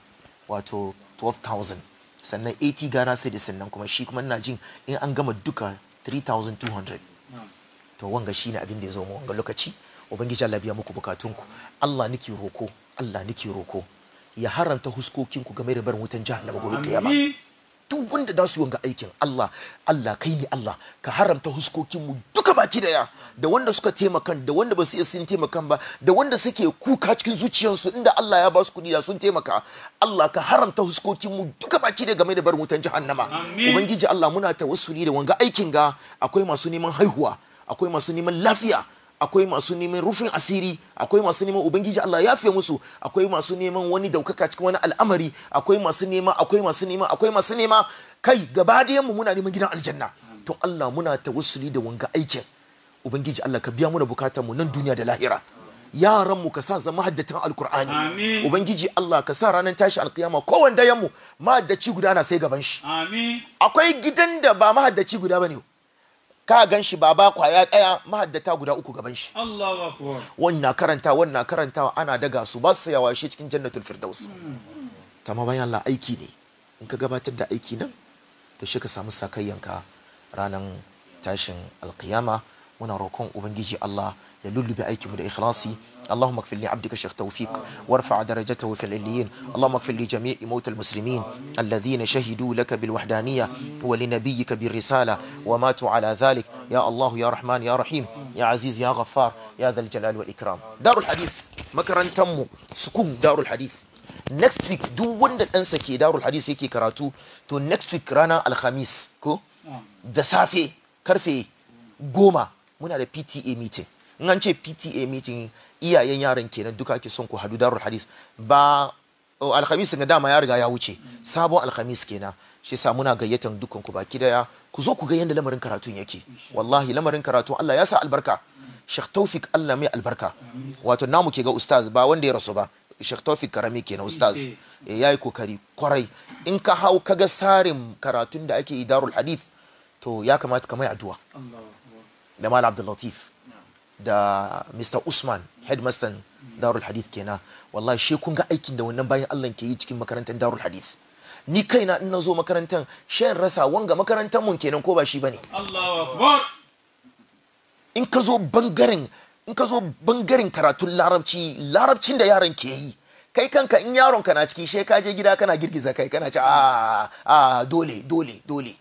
wato 12,000 sannan 80 ghana da sannan kuma shi kuma ina jin in an gama duka 3,200 to wanga shi ne abin da ya zo wanga lokaci ubangiji Allah biya muku bukatunku Allah nake roko Allah nake roko ya haramta huskokinku game da barin wutan jahannama gobe kiyama duk wanda da su wanga aikin Allah Allah kai ne Allah ka haramta huskokin mu duka baki daya da wanda suka taimakan da wanda ba su iya sun taimakan ba da wanda suke kuka cikin zuciyarsu inda Allah ya ba su kudi da sun taimaka Allah ka haramta huskokin mu duka baki daya game da barin wutan jahannama ubangiji Allah muna tawassuli da wanga aikin ga akwai masu neman haihuwa akwai masu neman lafiya akwai masu neman rufin asiri akwai masu neman ubangiji Allah ya fiye musu akwai masu neman wani daukaka cikin wani al'amari akwai masu nema akwai masu nema akwai masu nema kai gaba mu muna neman gidan aljanna to Allah muna tawassuli da wanga aikin ubangiji Allah ka biya muna bukatar mu nan duniya da lahira yaran mu ka sa zama haddatan alkur'ani ubangiji Allah ka sa ranar tashi alkiyama kowanne dayan mu mahaddaci guda na sai gaban shi akwai gidan da ba mahaddaci guda bane ka gan shi baba kwaya ɗaya mahaddata guda uku gaban shi wannan karanta wannan karanta ana daga su ba su yawa shi cikin jannatul firdaus tamma bayan Allah aiki ne in ka gabatar da aiki nan to shi ka samu sakayyanka ranan tashin alkiyama muna roƙon ubangiji Allah ya lullube aikinmu da ikhlasi اللهم اغفر لعبدك الشيخ توفيق وارفع درجته في العليين اللهم اغفر لجميع موت المسلمين الذين شهدوا لك بالوحدانية ولنبيك بالرسالة وماتوا على ذلك يا الله يا رحمن يا رحيم يا عزيز يا غفار يا ذا الجلال والإكرام دار الحديث makarantarmu تمو darul دار next week duk wanda ɗansa ke darul hadith yake karatu to next week rana alhamis ko da safe karfe goma muna da pta meeting in an ce PTA meeting iyayen yaran kenan duka ake son ku hadu darul hadis ba oh, alhamis ga dama ya riga ya wuce sabon alhamis kenan shi sa muna gayyatan dukkan ku baki daya ku zo ku ga yanda lamarin karatun yake wallahi lamarin karatu Allah ya sa albarka Sheikh Tawfik Allah mai albarka wato namu ke ga ustaz ba wanda ya rasu ba Sheikh Tawfik Karami kenan ustaz eh, eh. Eh, yayi kokari kwarai in ka hau kaga sarin karatun da ake idarul hadith to ya kamata ka mai addu'a da Malam Abdul Latif da Mr. Usman headmaster Darul Hadith kenan wallahi she kun ga aikin da wannan bayan Allah ke yi cikin makarantar Darul Hadith ni kaina in na zo makarantar shan rasa wanga makarantar mun kenan ko ba shi bane Allahu akbar in ka zo bangaren in ka zo bangaren karatun larabci larabcin da yaron ke yi kai kanka in yaron ka na ciki she ka je gida kana girgiza kai kana ce a ah, a ah, dole dole dole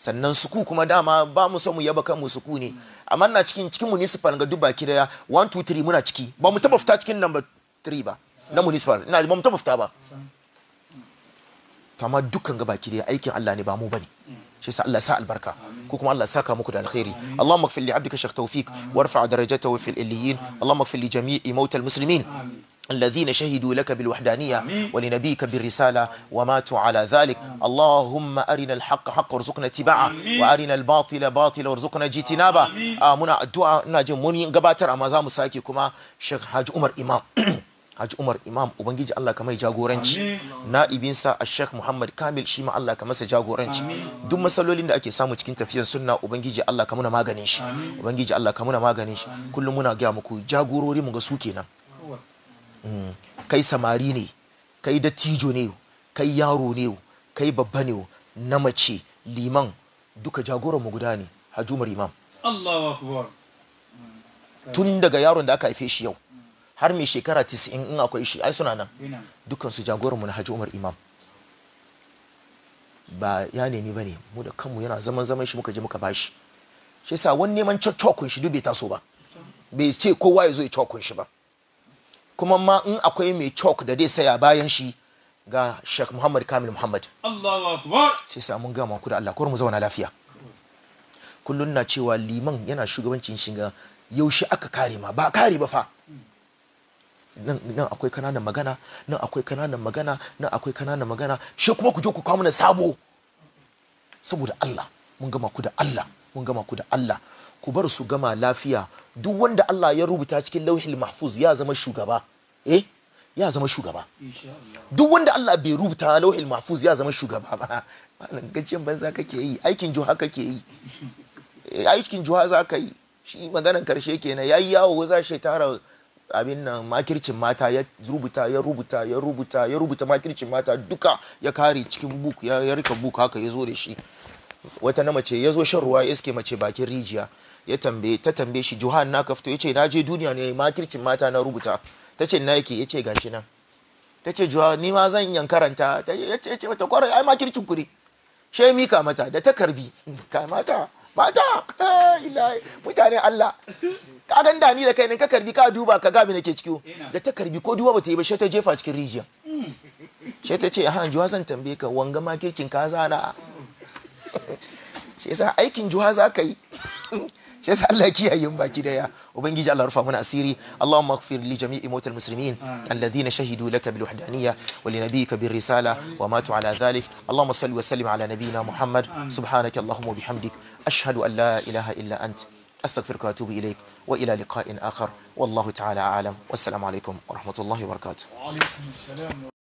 sannan suku kuma dama ba mu so mu yaba kanmu suku ne amma na cikin cikin municipal ga duk baki daya 1 2 3 muna ciki ba mu taba fita cikin number 3 ba na municipal ina ba mu taba fita ba amma dukkan ga baki daya aikin Allah ne ba mu bane shi sa Allah sa albarka ko kuma Allah saka muku da alkhairi Allahumma ighfir li 'abdika shaykh tawfik warfa' darajatahu fil illiyin Allahumma ighfir li jami'i mautal muslimin الذين شهدوا لك بالوحدانية ولنبيك بالرسالة وماتوا على ذلك اللهم أرنا الحق حق arina اتباعه وأرنا الباطل باطل وارزقنا اجتنابه منا الدعاء ناجم مني قباتر أما زام ساكي كما شيخ حاج عمر إمام Haji Umar Imam Ubangiji Allah ka jagoranci na'ibinsa a Sheikh Muhammad Kamil shi ma Allah ka masa jagoranci duk matsalolin da ake samu cikin tafiyar sunna Ubangiji Allah ka muna maganin shi Ubangiji Allah ka maganin shi kullum muna gaya muku jagorori mu ga su kenan kai samari ne kai dattijo ne kai yaro ne kai babba ne na mace liman duka jagoran mu guda ne hajumar imam Allahu akbar tun daga yaron da aka haife shi yau har mai shekara 90 in akwai shi ai suna nan dukkan su jagoran mu na hajumar Umar Imam ba ya nemi bane mu da kanmu yana zaman zaman shi muka je muka bashi shi yasa wani neman cokon shi duk bai taso ba bai ce kowa ya zo ya cokon shi ba kuma ma in akwai mai chalk da zai saya bayan shi ga Sheikh Muhammad Kamil Muhammad Allahu Akbar sai sa mun gama ku da Allah mu zauna lafiya kullun na cewa liman yana shugabancin shiga yaushe aka kare ma ba kare ba fa nan akwai kananan magana nan akwai kananan magana nan akwai kananan magana shi kuma ku je ku kawo mana sabo saboda Allah mun gama ku da Allah mun gama ku da Allah ku bar su gama lafiya duk wanda Allah ya rubuta cikin lauhil mahfuz ya zama shugaba eh ya zama shugaba duk wanda Allah bai rubuta lauhil mahfuz ya zama shugaba ba malam gajiyan banza kake yi aikin juha kake yi eh, aikin juha za ka yi shi maganan karshe kenan yayi yawo za shi tara abin nan makircin mata ya rubuta ya rubuta ya rubuta ya rubuta makircin mata duka ya kare cikin buk ya rika buk haka ya zo da shi wata na mace ya zo shan ruwa ya iske mace bakin rijiya ya tambaye ta tambaye shi johan na kafto ya ce na je duniya ne makircin mata na rubuta ta ce na yake ya ce gashi nan ta ce juwa ni ma zan yan karanta ta ce ce mata kwarai ai makircin kuri she mika mata da ta karbi ka mata mata ilahi mutane Allah ka gan da ni da kai ne ka karbi ka duba ka ga me nake ciki da ta karbi ko duba bata yi ba she ta jefa cikin rijiya she ta ce ha juwa zan tambaye ka wanga makircin ka zana shi yasa aikin juwa za ka yi شيء الله كيها يوم باكيريا وبنجي على رفع من أسيري اللهم اغفر لجميع موت المسلمين الذين شهدوا لك بالوحدانية ولنبيك بالرسالة وماتوا على ذلك اللهم صل وسلم على نبينا محمد سبحانك اللهم وبحمدك أشهد أن لا إله إلا أنت أستغفرك وأتوب إليك وإلى لقاء آخر والله تعالى أعلم والسلام عليكم ورحمة الله وبركاته